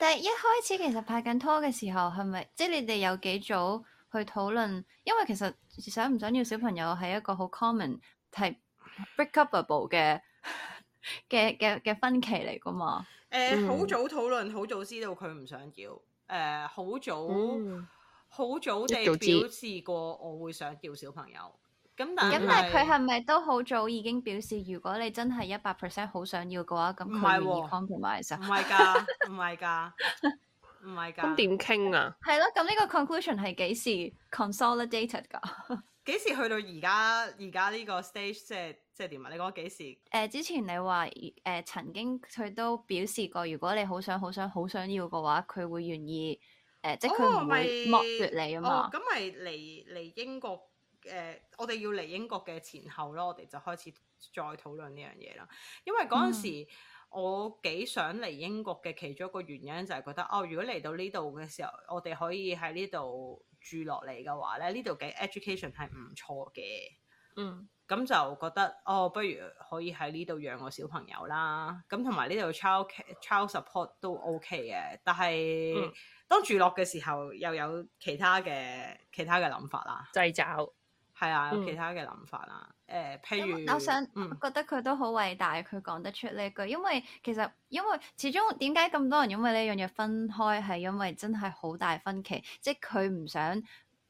但係一開始其實拍緊拖嘅時候係咪即係你哋有幾早去討論，因為其實想唔想要小朋友係一個好 common 係 breakable 嘅嘅嘅嘅分歧嚟噶嘛？誒好，呃，早討論，好早知道佢唔想要。誒，呃，好早好，嗯，早地早表示過我會想要小朋友。咁但係佢係咪都好早已經表示，如果你真係一百 percent 好想要嘅話，咁佢願意 compromise？唔係㗎，唔係㗎，唔係㗎。咁點傾啊？係咯，咁呢 個 conclusion 係幾時 consolidated 㗎？幾時去到而家而家呢個 stage？即係即係點啊？你講幾時？誒，之前你話誒、呃、曾經佢都表示過，如果你好想好想好想要嘅話，佢會願意誒，即係佢唔會剝奪你啊嘛。咁咪嚟嚟英國？誒、呃，我哋要嚟英國嘅前後咯，我哋就開始再討論呢樣嘢啦。因為嗰陣時，嗯、我幾想嚟英國嘅其中一個原因就係覺得哦，如果嚟到呢度嘅時候，我哋可以喺呢度住落嚟嘅話咧，呢度嘅 education 係唔錯嘅。嗯，咁就覺得哦，不如可以喺呢度養個小朋友啦。咁同埋呢度 child child support 都 OK 嘅。但係、嗯、當住落嘅時候，又有其他嘅其他嘅諗法啦，製造。係啊，有其他嘅諗法啦。誒、呃，譬如我想覺得佢都好偉大，佢講得出呢句，因為其實因為始終點解咁多人因為呢樣嘢分開係因為真係好大分歧，即係佢唔想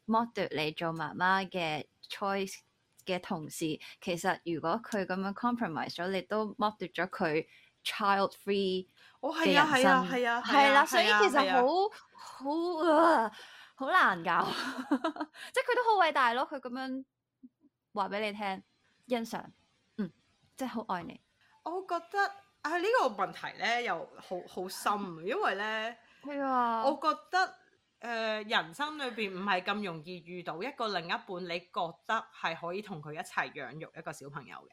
剝奪你做媽媽嘅 choice 嘅同時，其實如果佢咁樣 compromise 咗，你都剝奪咗佢 child-free 嘅人生，哦，係、哦、啊，係啊，係啊，係啦、啊，啊啊啊啊啊啊、所以其實好好啊。好難搞， 即係佢都好偉大咯！佢咁樣話俾你聽，欣賞，嗯，即係好愛你。我覺得啊，呢個問題咧又好好深，因為咧， 係啊、我覺得誒、呃、人生裏邊唔係咁容易遇到一個另一半，你覺得係可以同佢一齊養育一個小朋友嘅，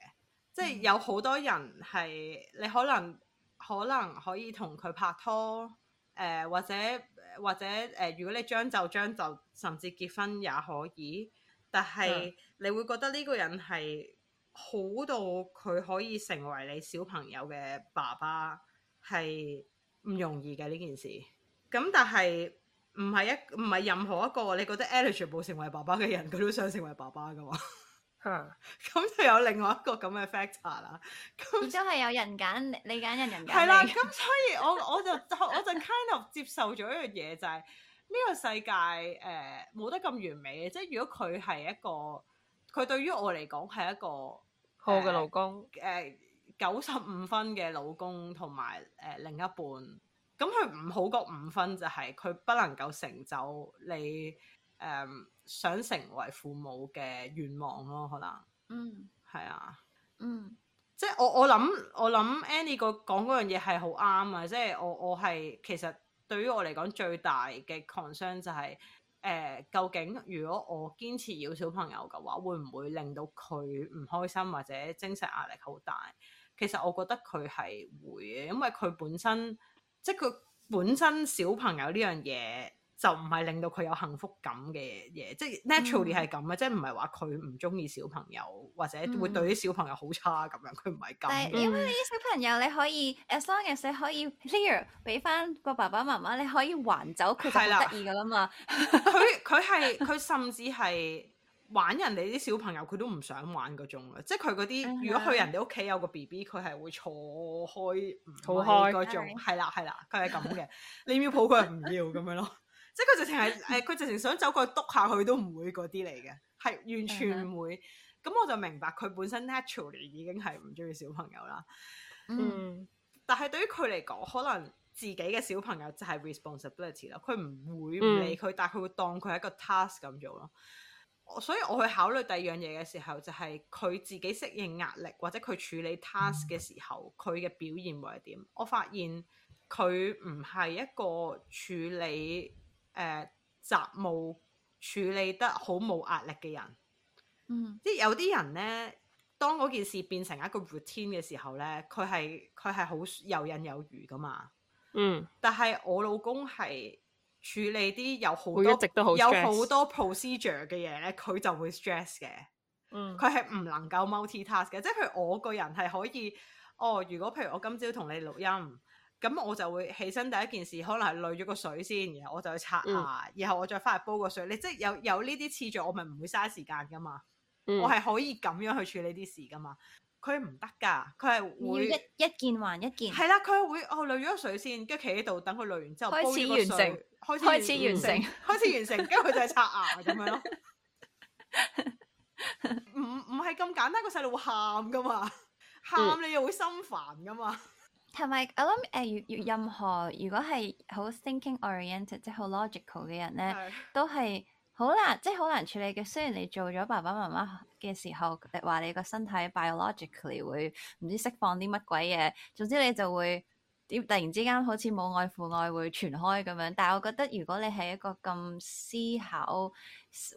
即係有好多人係 你可能可能可以同佢拍拖，誒、呃、或者。或者誒、呃，如果你將就將就，甚至結婚也可以，但係你會覺得呢個人係好到佢可以成為你小朋友嘅爸爸係唔容易嘅呢件事。咁但係唔係一唔係任何一個你覺得 eligible 成為爸爸嘅人，佢都想成為爸爸㗎嘛？咁 就有另外一個咁嘅 factor 啦。咁亦都係有人揀，你揀人，人揀。係 啦、嗯，咁所以我我就我就 kind of 接受咗一樣嘢，就係、是、呢個世界誒冇、呃、得咁完美嘅。即係如果佢係一個，佢對於我嚟講係一個、呃、好嘅老公，誒九十五分嘅老公同埋誒另一半。咁佢唔好過五分，就係佢不能夠成就你誒。呃想成為父母嘅願望咯，可能，嗯，係啊，嗯，即係我我諗我諗 Annie 佢講嗰樣嘢係好啱啊！即係我我係其實對於我嚟講最大嘅 concern 就係、是、誒、呃，究竟如果我堅持要小朋友嘅話，會唔會令到佢唔開心或者精神壓力好大？其實我覺得佢係會嘅，因為佢本身即係佢本身小朋友呢樣嘢。就唔係令到佢有幸福感嘅嘢，即係 naturally 係咁嘅，嗯、即係唔係話佢唔中意小朋友或者會對啲小朋友好差咁樣。佢唔係咁，因為啲小朋友你可以、嗯、as long as 你可以 clear 俾翻個爸爸媽媽，你可以還走佢就好得意噶啦嘛。佢佢係佢甚至係玩人哋啲小朋友，佢都唔想玩嗰種啦。即係佢嗰啲，如果去人哋屋企有個 BB，佢係會坐開唔坐開嗰種。係啦係啦，佢係咁嘅， 你要抱佢唔要咁樣咯。 即係佢直情係誒，佢、 哎、直情想走過去督下佢都唔會嗰啲嚟嘅，係完全唔會。咁、嗯、我就明白佢本身 naturally 已經係唔中意小朋友啦。嗯，但係對於佢嚟講，可能自己嘅小朋友就係 responsibility 啦。佢唔會唔理佢，嗯、但係佢會當佢係一個 task 咁做咯。所以我去考慮第二樣嘢嘅時候，就係、是、佢自己適應壓力或者佢處理 task 嘅時候，佢嘅、嗯、表現會係點？我發現佢唔係一個處理誒雜務處理得好冇壓力嘅人，嗯，即係有啲人咧，當嗰件事變成一個 routine 嘅時候咧，佢係佢係好遊刃有餘㗎嘛，嗯。但係我老公係處理啲有好多都有好多 procedure 嘅嘢咧，佢就會 stress 嘅，嗯。佢係唔能夠 multi task 嘅，即係譬如我個人係可以，哦，如果譬如我今朝同你錄音。咁我就會起身第一件事可能係濾咗個水先，然後我就去刷牙，嗯、然後我再翻去煲個水。你、嗯、即係有有呢啲次序，我咪唔會嘥時間噶嘛。嗯、我係可以咁樣去處理啲事噶嘛。佢唔得噶，佢係會一一件還一件。係啦，佢會哦濾咗水先，跟住企喺度等佢濾完之後煲完個水開始完成，開始完成，開始完成，跟住佢就係刷牙咁樣咯。唔唔係咁簡單，個細路會喊噶嘛，喊你又會心煩噶嘛。嗯係咪？我諗誒、呃呃呃，任何如果係好 thinking oriented 即係好 logical 嘅人咧，的都係好難，即係好難處理嘅。雖然你做咗爸爸媽媽嘅時候，你話你個身體 biologically 會唔知釋放啲乜鬼嘢，總之你就會點突然之間好似母愛父愛會傳開咁樣。但係我覺得，如果你係一個咁思考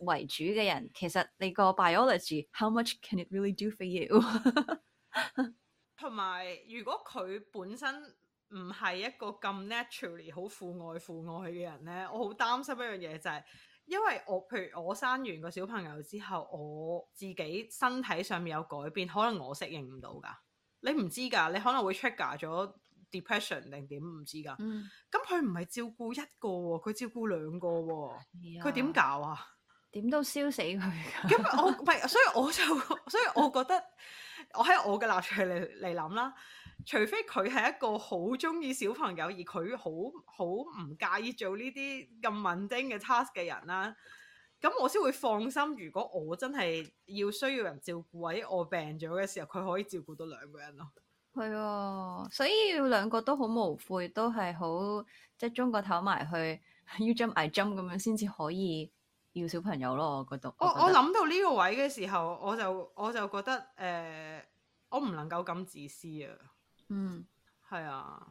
為主嘅人，其實你個 biology，how much can it really do for you？ 同埋，如果佢本身唔係一個咁 naturally 好父愛父愛嘅人呢，我好擔心一樣嘢就係、是，因為我譬如我生完個小朋友之後，我自己身體上面有改變，可能我適應唔到噶。你唔知噶，你可能會 trigger 咗 depression 定點唔知噶。嗯。咁佢唔係照顧一個喎，佢照顧兩個喎，佢點、哎、呀搞啊？點都燒死佢！咁 我唔所以我就所以我覺得。 我喺我嘅立場嚟嚟諗啦，除非佢係一個好中意小朋友，而佢好好唔介意做呢啲咁穩定嘅 task 嘅人啦，咁我先會放心。如果我真係要需要人照顧，或者我病咗嘅時候，佢可以照顧到兩個人咯。係啊，所以兩個都好無悔，都係好即係中個頭埋去，you jump I jump 咁樣先至可以。要小朋友咯，我覺得。我我諗到呢個位嘅時候，我就我就覺得誒、呃，我唔能夠咁自私啊。嗯，係啊。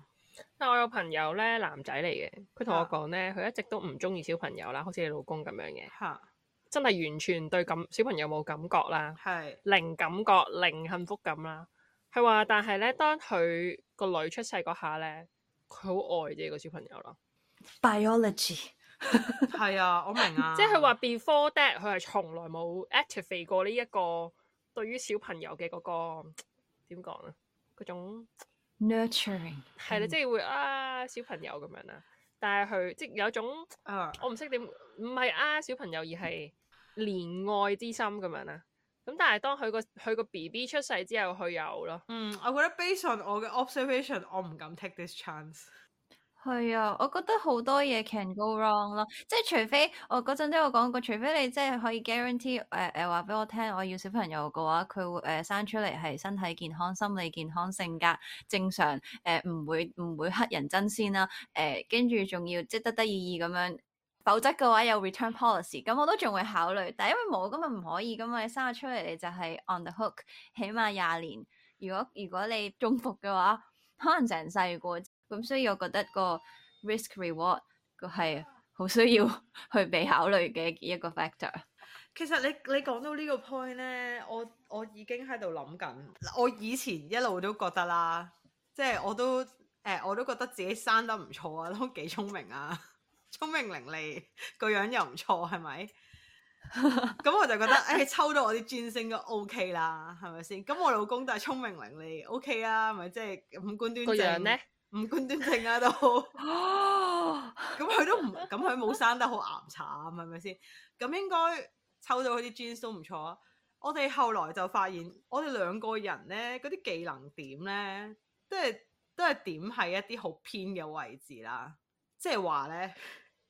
但我有朋友咧，男仔嚟嘅，佢同我講咧，佢一直都唔中意小朋友啦，好似你老公咁樣嘅。吓、啊，真係完全對感小朋友冇感覺啦。係是。零感覺，零幸福感啦。佢話：但係咧，當佢個女出世嗰下咧，佢好愛自己個小朋友啦。Biology。係 啊，我明啊，即係佢話 before that，佢係從來冇 activate 過呢一個對於小朋友嘅嗰、那個點講 urt、就是、啊，嗰種 nurturing 係啦，即係會啊小朋友咁樣啦，但係佢即係有種，uh, 我唔識點，唔係啊小朋友而係憐愛之心咁樣啦，咁但係當佢、那個佢個 B B 出世之後，佢有咯，嗯，我覺得 based on 我嘅 observation，我唔敢 take this chance。係啊，我覺得好多嘢 can go wrong 咯，即係除非我嗰陣都有講過，除非你即係可以 guarantee，誒、呃、誒話、呃、俾我聽，我要小朋友嘅話，佢會誒、呃、生出嚟係身體健康、心理健康、性格正常，誒、呃、唔會唔會乞人憎先啦，誒跟住仲要即係得得意意咁樣，否則嘅話有 return policy，咁我都仲會考慮，但係因為冇咁咪唔可以嘛，咁咪生咗出嚟，你就係 on the hook，起碼廿年，如果如果你中伏嘅話，可能成世過。咁、嗯、所以，我覺得個 risk reward 個係好需要 去被考慮嘅一個 factor。其實你你講到呢個 point 咧，我我已經喺度諗緊。我以前一路都覺得啦，即係我都誒、欸、我都覺得自己生得唔錯啊，都幾聰明啊，聰明伶俐個樣又唔錯，係咪？咁、 嗯嗯嗯、我就覺得誒、欸、抽到我啲專升都 O K 啦，係咪先？咁我老公都係聰明伶俐，O K 啊，咪即係五官端正咧。唔冠端正啊都，咁 佢都唔，咁佢冇生得好岩慘，係咪先？咁應該抽到嗰啲鑽都唔錯啊！我哋後來就發現，我哋兩個人咧，嗰啲技能點咧，都係都係點喺一啲好偏嘅位置啦。即係話咧，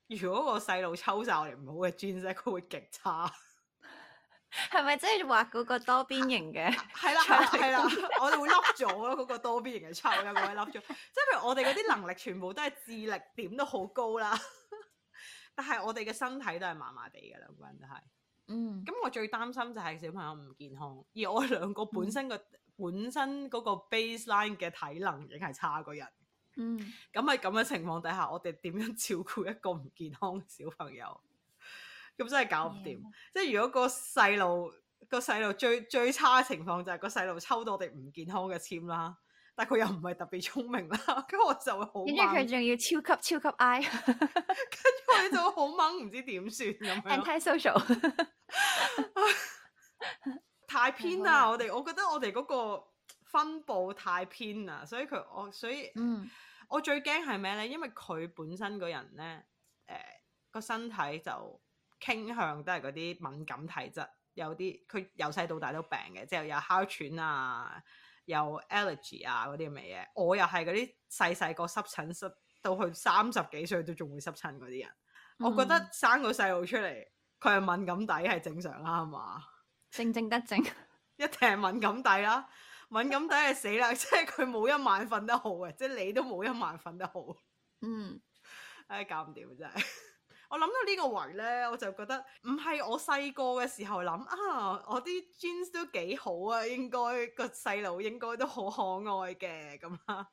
如果個細路抽晒我哋唔好嘅鑽石，佢會極差。係咪即係畫嗰個多邊形嘅？係啦係啦係啦，我哋會凹咗咯，嗰個多邊形嘅抽有冇咪凹咗？即係譬如我哋嗰啲能力全部都係智力點都好高啦，但係我哋嘅身體都係麻麻地噶啦，兩個人都係。嗯。咁我最擔心就係小朋友唔健康，而我兩個本身個、嗯、本身嗰個 baseline 嘅體能已經係差過人。嗯。咁喺咁嘅情況底下，我哋點樣照顧一個唔健康嘅小朋友？咁真係搞唔掂，的即係如果個細路，個細路最最差嘅情況就係個細路抽到我哋唔健康嘅簽啦，但佢又唔係特別聰明啦，咁 我就好。跟住佢仲要超級超級 I， 跟住我就好懵，唔知點算咁 Anti-social， 太偏啦！我哋，我覺得我哋嗰個分布太偏啦，所以佢我所以，嗯，我最驚係咩咧？因為佢本身個人咧，誒、呃、個身體就。傾向都係嗰啲敏感體質，有啲佢由細到大都病嘅，即係有哮喘啊，有 allergy 啊嗰啲咁嘅嘢。我又係嗰啲細細個濕疹濕到去三十幾歲都仲會濕疹嗰啲人。嗯、我覺得生個細路出嚟，佢係敏感底係正常啦，係嘛？正正得正， 一定係敏感底啦。敏感底係死啦，即係佢冇一晚瞓得好嘅，即係你都冇一晚瞓得好。得好。嗯，唉、 哎，搞唔掂真係。我諗到呢個位呢，我就覺得唔係我細個嘅時候諗啊，我啲 jeans 都幾好啊，應該個細路應該都好可愛嘅咁啦。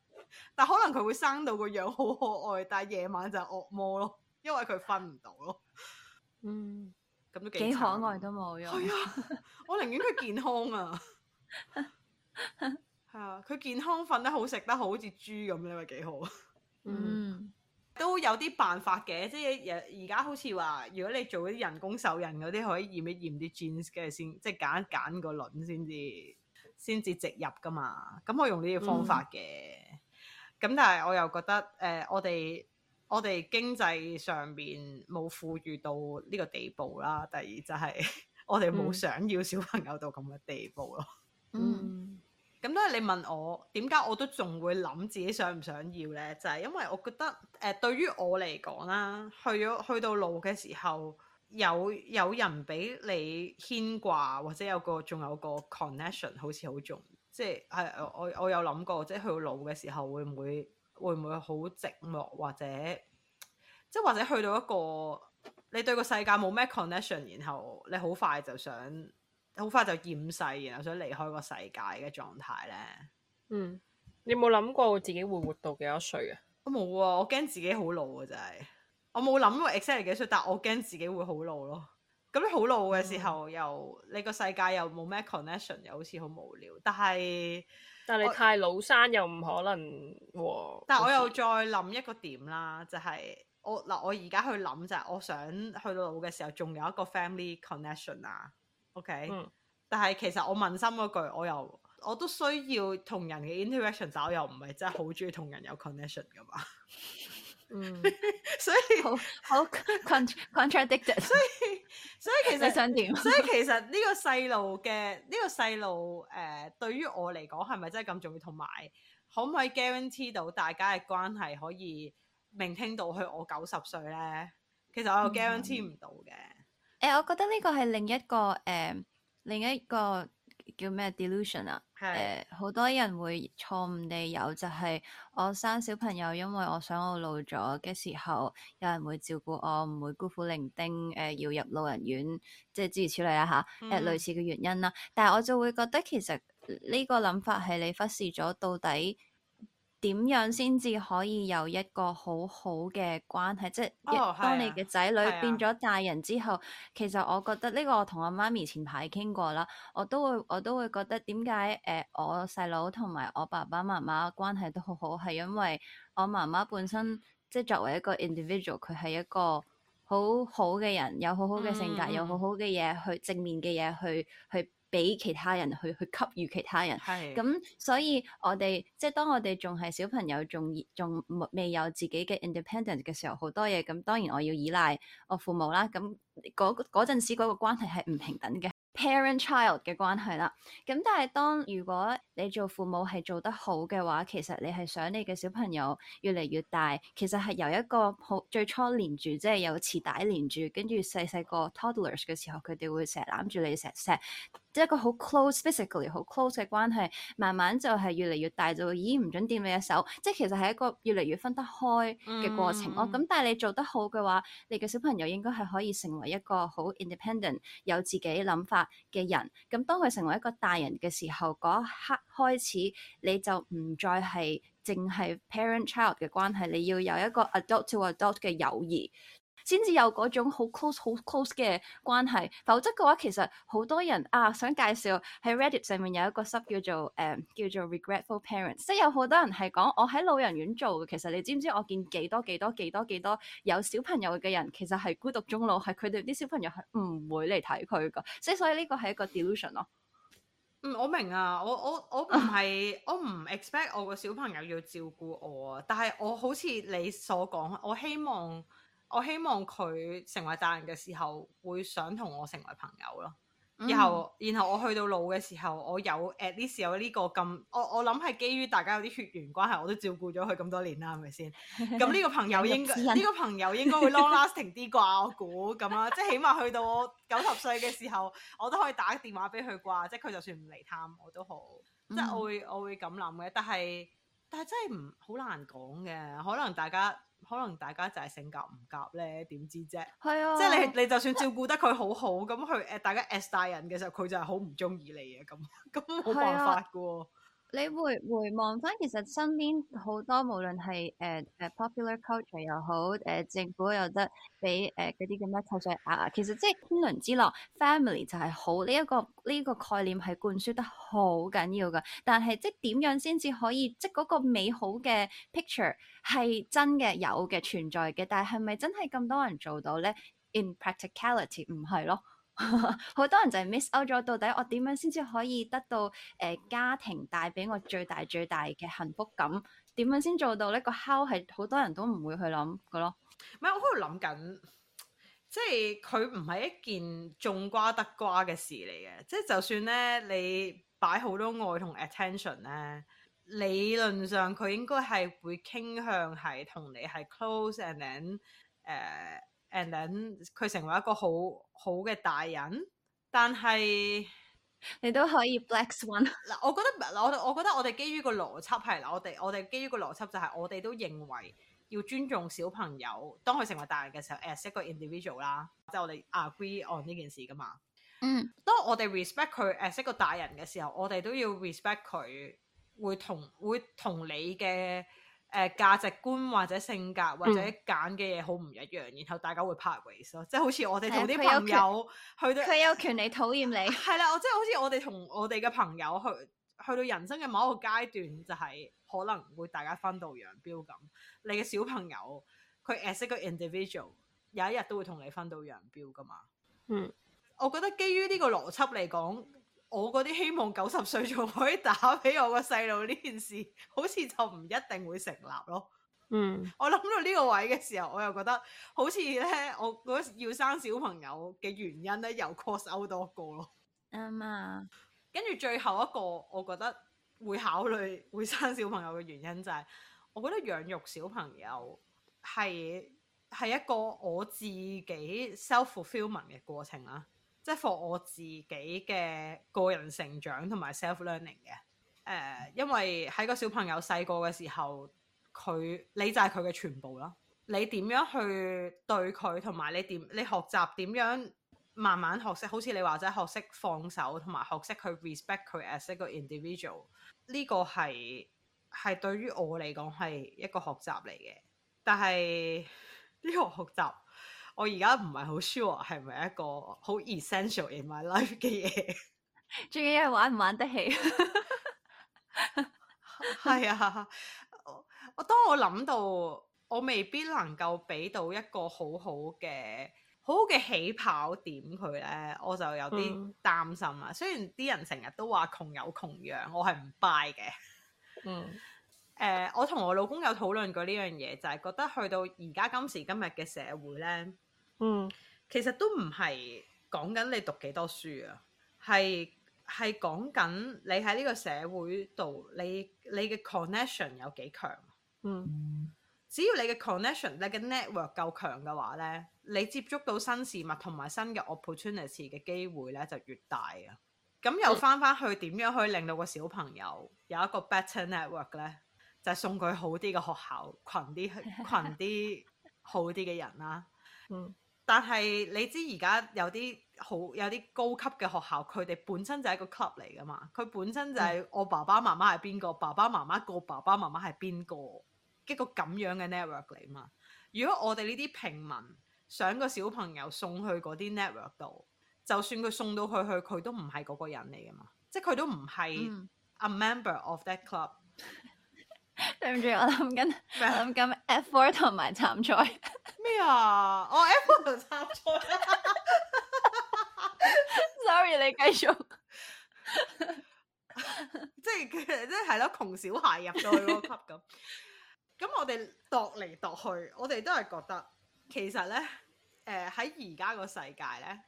但可能佢會生到個樣好可愛，但係夜晚就惡魔咯，因為佢瞓唔到咯。嗯，咁都幾、啊、可愛都冇用。 啊、我寧願佢健康啊。係啊，佢健康瞓得好食得好，好似豬咁，你咪幾好啊。 嗯。嗯都有啲辦法嘅，即係而家好似話，如果你做啲人工受孕嗰啲，可以驗一驗啲 genes，跟住先即係揀一揀個卵先至，先至植入噶嘛。咁我用呢個方法嘅，咁、嗯、但係我又覺得，誒、呃，我哋我哋經濟上邊冇富裕到呢個地步啦。第二就係、是、 我哋冇想要小朋友到咁嘅地步咯。嗯。 嗯咁都係你問我點解我都仲會諗自己想唔想要呢？就係、是、因為我覺得誒、呃，對於我嚟講啦，去咗去到老嘅時候，有有人俾你牽掛，或者有個仲有個 connection 好似好重，即係係我我有諗過，即係去到老嘅時候會唔會會唔會好寂寞，或者即係或者去到一個你對個世界冇咩 connection，然後你好快就想，好快就厭世，然後想離開個世界嘅狀態咧。嗯，你冇諗過自己會活到幾多歲啊，啊？我冇啊，我驚自己好老啊，真、就、係、是、我冇諗 exactly 係幾歲，但我驚自己會好老咯、啊。咁好老嘅時候，嗯、又你個世界又冇咩 connection，又好似好無聊。但係但係太老山我又唔可能喎。但係我又再諗一個點啦，就係我嗱，我而家去諗就係、是、我想去到老嘅時候，仲有一個 family connection 啊。OK，、嗯、但係其實我問心嗰句，我又我都需要同人嘅 interaction，但我又唔係真係好中意同人有 connection 噶嘛。嗯， 所以好好 contradict 所以所以其實想點？所以其實呢個細路嘅呢個細路誒，對於我嚟講係咪真係咁重要？同埋可唔可以 guarantee 到大家嘅關係可以 maintain 到去我九十歲咧？其實我又 guarantee 唔到嘅。嗯誒，我覺得呢個係另一個誒、呃，另一個叫咩 delusion 啊？誒的，好、呃、多人會錯誤地有就係、是、我生小朋友，因為我想我老咗嘅時候有人會照顧我，唔會孤苦伶仃誒，要入老人院即係諸如此類啦嚇誒，類似嘅原因啦、啊。嗯、但係我就會覺得其實呢個諗法係你忽視咗到底。點樣先至可以有一個好好嘅關係，即係、oh, 當你嘅仔女變咗大人之後，oh, yeah. 其實我覺得呢、這個我同阿媽咪前排傾過啦，我都會我都會覺得點解誒我細佬同埋我爸爸媽媽關係都好好，係因為我媽媽本身即係作為一個 individual，佢係一個好好嘅人，有好好嘅性格，mm hmm. 有好好嘅嘢去正面嘅嘢去去。去俾其他人去去給予其他人，係，咁 所以我哋即係當我哋仲係小朋友，仲仲未有自己嘅 independence 嘅時候，好多嘢咁，當然我要依賴我父母啦。咁嗰嗰陣時嗰個關係係唔平等嘅。parent-child 嘅關係啦，咁但係當如果你做父母係做得好嘅話，其實你係想你嘅小朋友越嚟越大，其實係由一個好最初連住，即係有臍帶連住，跟住細細個 toddlers 嘅時候，佢哋會成日攬住你成日錫，即係一個好 close physically 好 close 嘅關係，慢慢就係越嚟越大，就會咦唔准掂你嘅手，即係其實係一個越嚟越分得開嘅過程咯。咁、mm hmm. 但係你做得好嘅話，你嘅小朋友應該係可以成為一個好 independent，有自己諗法。嘅人，咁當佢成為一個大人嘅時候，嗰一刻開始，你就唔再係淨係 parent-child 嘅關係，你要有一個 adult-to-adult 嘅友誼。先至有嗰種好 close 好 close 嘅關係，否則嘅話其實好多人啊，想介紹喺 Reddit 上面有一個 sub 叫做誒、啊、叫做 regretful parents，即係有好多人係講我喺老人院做嘅。其實你知唔知我見幾多幾多幾多幾多有小朋友嘅人，其實係孤獨終老，係佢哋啲小朋友係唔會嚟睇佢噶。即係所以呢個係一個 delusion 咯。嗯，我明啊，我我我唔係 我唔 expect 我個小朋友要照顧我啊，但係我好似你所講，我希望。我希望佢成為大人嘅時候，會想同我成為朋友咯。然後，嗯、然後我去到老嘅時候，我有 at least 有呢個咁，我我諗係基於大家有啲血緣關係，我都照顧咗佢咁多年啦，係咪先？咁呢 個朋友應該呢 個朋友應該會 long lasting 啲啩， 我估咁啦。即係起碼去到我九十歲嘅時候，我都可以打電話俾佢啩。即係佢就算唔嚟探我都好，嗯、即係我會我會咁諗嘅。但係但係真係唔好難講嘅，可能大家。可能大家就係性格唔夾咧，點知啫？係啊， 即係你你就算照顧得佢好好，咁佢誒大家 as 大人嘅時候，佢就係好唔中意你嘅咁，咁冇辦法嘅喎。 你回回望翻，其實身邊好多無論係誒誒 popular culture 又好，誒、uh, 政府又得俾誒嗰啲咁多扣稅啊，其實即係天倫之樂，family 就係好呢一、呢個呢、呢個概念係灌輸得好緊要㗎。但係即係點樣先至可以即係嗰個美好嘅 picture 係真嘅有嘅存在嘅，但係係咪真係咁多人做到咧？In practicality 唔係咯。好 多人就係 miss out 咗，到底我點樣先至可以得到誒、呃、家庭帶俾我最大最大嘅幸福感？點樣先做到呢個 how 係好多人都唔會去諗㗎咯。唔係、嗯、我喺度諗緊，即係佢唔係一件種瓜得瓜嘅事嚟嘅。即係就算咧，你擺好多愛同 attention 咧，理論上佢應該係會傾向係同你係 close，and then 誒、呃。And then 佢成為一個好好嘅大人，但係你都可以 flex one。嗱，我覺得我我覺得我哋基於個邏輯係，我哋我哋基於個邏輯就係我哋都認為要尊重小朋友，當佢成為大人嘅時候，as 一個 individual 啦，即係我哋 agree on 呢件事噶嘛。嗯。當我哋 respect 佢 as 一個大人嘅時候，我哋都要 respect 佢會同會同你嘅。誒，價、呃、值觀或者性格或者揀嘅嘢好唔一樣，嗯、然後大家會 part ways 咯，即係好似我哋同啲朋友去到，佢有，有權利討厭你，係啦，即我即係好似我哋同我哋嘅朋友去去到人生嘅某一個階段，就係可能會大家分道揚鑣咁。你嘅小朋友，佢 as 個 individual，有一日都會同你分道揚鑣噶嘛。嗯，我覺得基於呢個邏輯嚟講。我嗰啲希望九十歲仲可以打俾我個細路呢件事，好似就唔一定會成立咯。嗯，我諗到呢個位嘅時候，我又覺得好似咧，我要生小朋友嘅原因咧，又 cross out 多個咯。啱啊。媽。跟住最後一個，我覺得會考慮會生小朋友嘅原因就係、係，我覺得養育小朋友係係一個我自己 self fulfilment 嘅過程啦、啊。即係 for 我自己嘅個人成長同埋 self learning 嘅，誒，因為喺個小朋友細個嘅時候，佢你就係佢嘅全部啦。你點樣去對佢，同埋你點，你學習點樣慢慢學識，好似你話齋學識放手，同埋學識去 respect 佢 as 一個 individual。呢個係係對於我嚟講係一個學習嚟嘅，但係呢個學習。我而家唔係好 sure 係咪一個好 essential in my life 嘅嘢，仲要係玩唔玩得起。係 啊，我我當我諗到我未必能夠俾到一個好好嘅好好嘅起跑點佢咧，我就有啲擔心啦。嗯、雖然啲人成日都話窮有窮樣，我係唔 buy 嘅。嗯，誒、呃，我同我老公有討論過呢樣嘢，就係、是、覺得去到而家今時今日嘅社會咧。嗯，其實都唔係講緊你讀幾多書啊，係係講緊你喺呢個社會度，你你嘅 connection 有幾強。嗯，只要你嘅 connection、你嘅 network 夠強嘅話咧，你接觸到新事物同埋新嘅 opportunity 嘅機會咧就越大啊。咁又翻翻去點、嗯、樣去令到個小朋友有一個 better network 咧，就係、送佢好啲嘅學校，群啲群啲好啲嘅人啦、啊。嗯。但係你知而家有啲好，有啲高級嘅學校，佢哋本身就係個 club 嚟噶嘛。佢本身就係我爸爸媽媽係邊個，爸爸媽媽個爸爸媽媽係邊個，一個咁樣嘅 network 嚟嘛。如果我哋呢啲平民想個小朋友送去嗰啲 network 度，就算佢送到去去，佢都唔係嗰個人嚟噶嘛。即係佢都唔係 a member of that club。 對唔住，我諗緊，諗緊 F4 同埋參賽咩啊？我 f、oh, F4 同參賽，sorry，你繼續， 即係即係係咯，窮小孩入咗去嗰級咁。咁 我哋度嚟度去，我哋都係覺得，其實咧，誒喺而家個世界咧，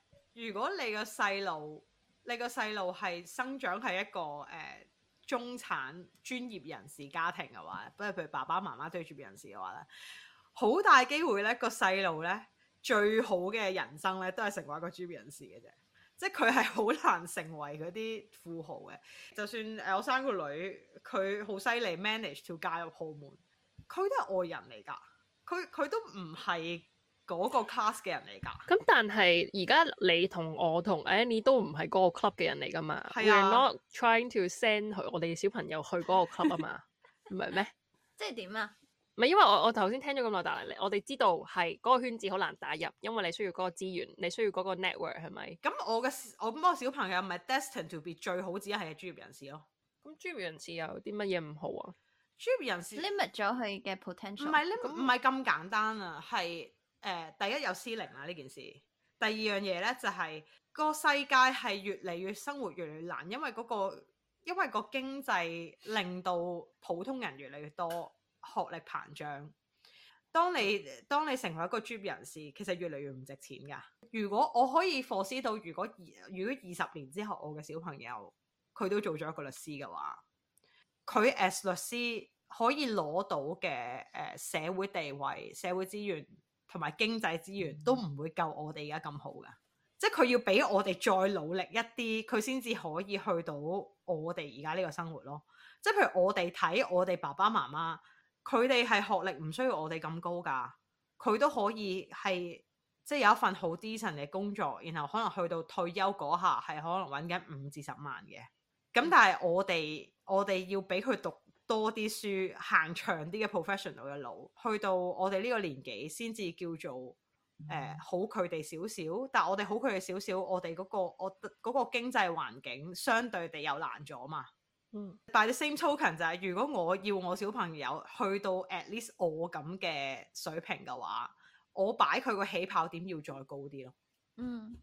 如果你個細路，你個細路係生長係一個誒。呃中產專業人士家庭嘅話，不過譬如爸爸媽媽都係專業人士嘅話咧，好大機會咧，個細路咧最好嘅人生咧都係成為一個專業人士嘅啫，即係佢係好難成為嗰啲富豪嘅。就算誒我生個女，佢好犀利，manage to 嫁入豪門，佢都係外人嚟㗎，佢佢都唔係。嗰個 class 嘅人嚟㗎，咁但係而家你同我同 Annie 都唔係嗰個 club 嘅人嚟㗎嘛是、啊？We're not trying to send 佢，我哋小朋友去嗰個 club 啊嘛，唔係咩？即係點啊？唔係因為我我頭先聽咗咁耐，但嚟，我哋知道係嗰、嗰個圈子好難打入，因為你需要嗰個資源，你需要嗰個 network 係咪？咁我嘅我嗰個小朋友唔係 destined to be 最好只係專業人士咯。咁專業人士有啲乜嘢唔好啊？專業人士 limit 咗佢嘅 potential。唔係 limit 唔係咁簡單啊，係。誒、呃，第一有私齡啦呢件事。第二樣嘢呢，就係、是這個世界係越嚟越生活越嚟越難，因為嗰、那個因為個經濟令到普通人越嚟越多學歷膨脹。當你當你成為一個專業人士，其實越嚟越唔值錢噶。如果我可以 foresee 到，如果二如果二十年之後，我嘅小朋友佢都做咗一個律師嘅話，佢 as 律師可以攞到嘅誒社會地位、社會資源，同埋經濟資源都唔會夠我哋而家咁好噶，即係佢要俾我哋再努力一啲，佢先至可以去到我哋而家呢個生活咯。即係譬如我哋睇我哋爸爸媽媽，佢哋係學歷唔需要我哋咁高噶，佢都可以係即係有一份好低 e 嘅工作，然後可能去到退休嗰下係可能揾緊五至十萬嘅。咁但係我哋我哋要俾佢讀多啲書行長啲嘅 professional 嘅路，去到我哋呢個年紀先至叫做誒、呃、好佢哋少少，但係我哋好佢哋少少，我哋嗰、那個我嗰、那個經濟環境相對地又難咗嘛。嗯，但係 the same token 就係，如果我要我小朋友去到 at least 我咁嘅水平嘅話，我擺佢個起跑點要再高啲咯。嗯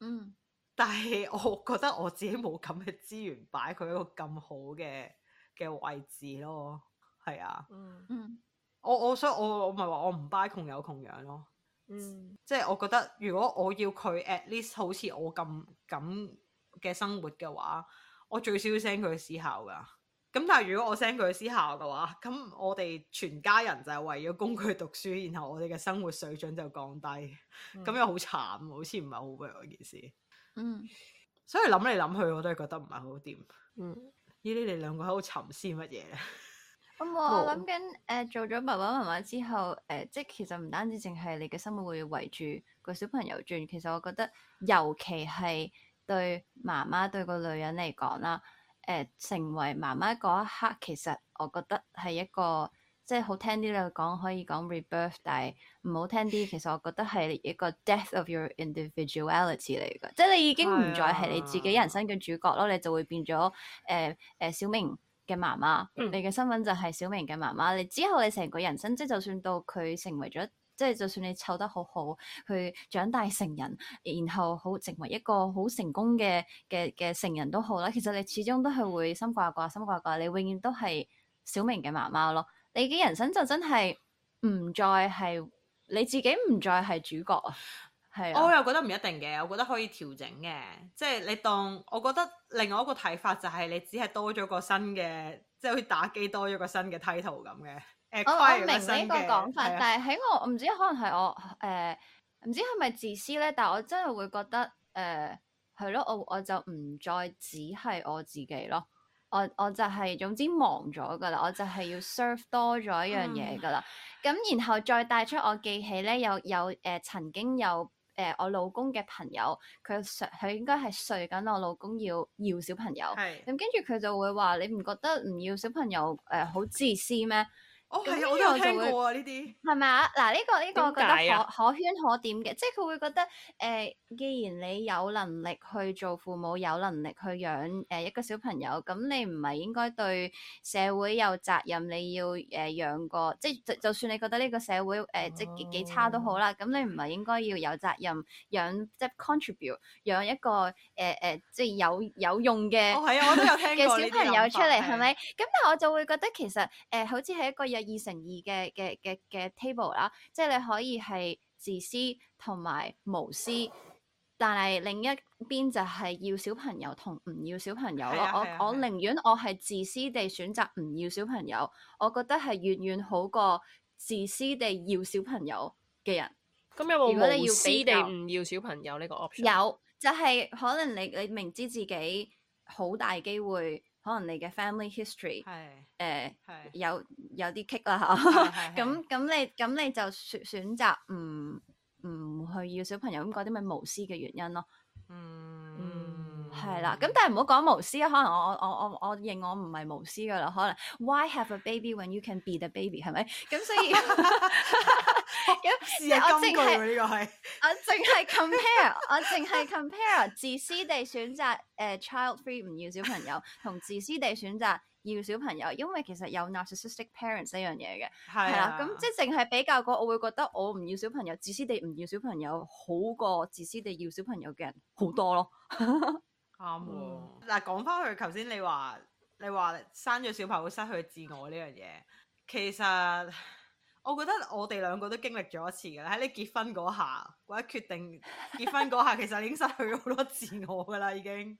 嗯，嗯但係我覺得我自己冇咁嘅資源擺佢一個咁好嘅。嘅位置咯，係啊，嗯嗯，我我所以我我咪話我唔 buy 窮有窮養咯。嗯，即係我覺得如果我要佢 at least 好似我咁咁嘅生活嘅話，我最少要 send 佢私校噶，咁但係如果我 send 佢私校嘅話，咁我哋全家人就係為咗供佢讀書，然後我哋嘅生活水平就降低，咁、嗯、樣好慘，好似唔係好搵嗰件事，嗯，所以諗嚟諗去，我都係覺得唔係好掂，嗯。咦？你哋兩個喺度沉思乜嘢咧？咁 我諗緊誒，做咗爸爸媽媽之後，誒、呃、即係其實唔單止淨係你嘅生活會圍住個小朋友轉，其實我覺得尤其係對媽媽對個女人嚟講啦，誒、呃、成為媽媽嗰一刻，其實我覺得係一個，即係好聽啲你講，可以講 rebirth，但係唔好聽啲，其實我覺得係一個 death of your individuality 嚟嘅，即係你已經唔再係你自己人生嘅主角咯，哎、呀你就會變咗誒誒小明嘅媽媽。嗯、你嘅身份就係小明嘅媽媽。你之後你成個人生，即係就算到佢成為咗，即係就算你湊得好好，去長大成人，然後好成為一個好成功嘅嘅嘅成人都好啦。其實你始終都係會心掛掛、心掛掛，你永遠都係小明嘅媽媽咯。你嘅人生就真係唔再係你自己，唔再係主角啊，係啊。我又覺得唔一定嘅，我覺得可以調整嘅，即係你當我覺得另外一個睇法，就係你只係多咗個新嘅，即係好似打機多咗個新嘅 title 咁嘅。誒、呃,我明呢個講法，但係喺我，我唔知可能係我誒，唔、呃、知係咪自私咧？但係我真係會覺得誒，係、呃、咯，我我就唔再只係我自己咯。我我就係、是、總之忙咗㗎啦，我就係要 serve 多咗一樣嘢㗎啦。咁、嗯、然後再帶出我記起咧，有有誒、呃、曾經有誒我老公嘅朋友，佢佢應該係睡緊，我老公，我老公要搖小朋友。係咁跟住佢就會話：你唔覺得唔要小朋友誒好、呃、自私咩？哦，係啊，我都有聽過啊呢啲，係咪啊？嗱呢、這個呢、這個我覺得可可圈可點嘅，即係佢會覺得誒、呃，既然你有能力去做父母，有能力去養誒、呃、一個小朋友，咁你唔係應該對社會有責任？你要誒養、呃、個，即係就就算你覺得呢個社會誒、呃嗯、即係幾，幾差都好啦，咁你唔係應該要有責任養，即係 contribute 養一個誒誒、呃呃，即係有有用嘅。哦，係啊，我都有聽過 小朋友出嚟係咪？咁但係我就會覺得其實誒、呃，好似係一個有。二乘二嘅嘅嘅嘅 table 啦，即係你可以係自私同埋無私，但係另一邊就係要小朋友同唔要小朋友咯。啊、我、啊啊、我寧願我係自私地選擇唔要小朋友，我覺得係遠遠好過自私地要小朋友嘅人。咁有冇如果你要無私地唔要小朋友呢個 option？有，就係、是、可能你你明知自己好大機會。可能你嘅 family history，係誒有有啲棘啦嚇，咁咁、哦、 你咁你就選選擇唔唔去要小朋友，咁嗰啲咪無私嘅原因咯，嗯、係、嗯、啦，咁但係唔好講無私啊，可能我我我我我認我唔係無私嘅啦，可能 Why have a baby when you can be the baby？係咪？咁所以。 有事啊！嗯、金句喎，呢個係我淨係 compare，我淨係 compare， 自私地選擇誒、uh, child-free 唔要小朋友，同自私地選擇要小朋友，因為其實有 narcissistic parents 呢樣嘢嘅係啦，咁是、啊啊、即係淨係比較過，我會覺得我唔要小朋友，自私地唔要小朋友，好過自私地要小朋友嘅人好多咯、 嗯。啱喎、嗯。嗱，講翻去頭先你話你話生咗小朋友失去自我呢樣嘢，其實。我覺得我哋兩個都經歷咗一次嘅啦，喺你結婚嗰下，或者決定結婚嗰下， 其實已經失去好多自我噶啦，已經。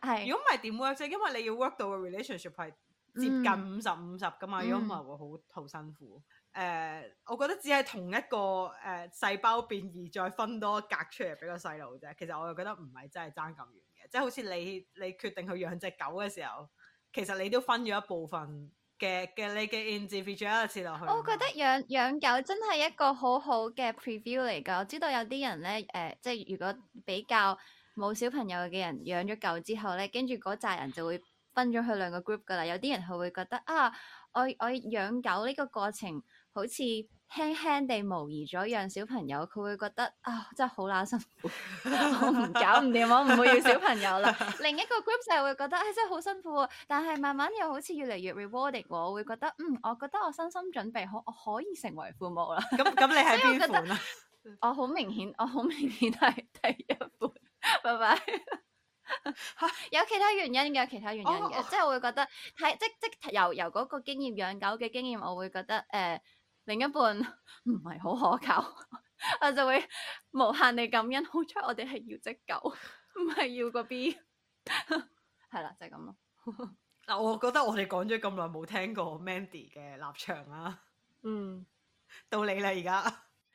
係 是。如果唔係點 work 啫？因為你要 work 到嘅 relationship 係接近五十五十噶嘛，如果唔係會好好辛苦。誒、嗯，uh, 我覺得只係同一個誒、uh, 細胞變異，再分多一格出嚟俾個細路啫。其實我又覺得唔係真係爭咁遠嘅，即係好似你你決定去養隻狗嘅時候，其實你都分咗一部分。嘅嘅你嘅英字撇咗一次落去。我覺得養養狗真係一個好好嘅 preview 嚟㗎。我知道有啲人咧，誒、呃，即係如果比較冇小朋友嘅人養咗狗之後咧，跟住嗰扎人就會分咗去兩個 group 㗎啦。有啲人係會覺得啊，我我養狗呢個過程。好似輕輕地模擬咗養小朋友，佢會覺得啊、哦，真係好乸辛苦，我唔搞唔掂，我唔會要小朋友啦。另一個 group 就係會覺得，唉、哎，真係好辛苦，但係慢慢又好似越嚟越 rewarding 喎，會覺得嗯，我覺得我身心準備好，我可以成為父母啦。咁咁，你喺邊半？我好明顯，我好明顯係第一半。拜拜 有。有其他原因嘅，其他原因嘅，即係會覺得睇，即即由由嗰個經驗養狗嘅經驗，我會覺得誒。另一半唔係好可靠， 我就會無限地感恩，好彩我哋係要隻狗，唔係要個 B，係 啦， 就係咁咯。嗱， 我覺得我哋講咗咁耐冇聽過 Mandy 嘅立場啦。 嗯，到你啦，而家呢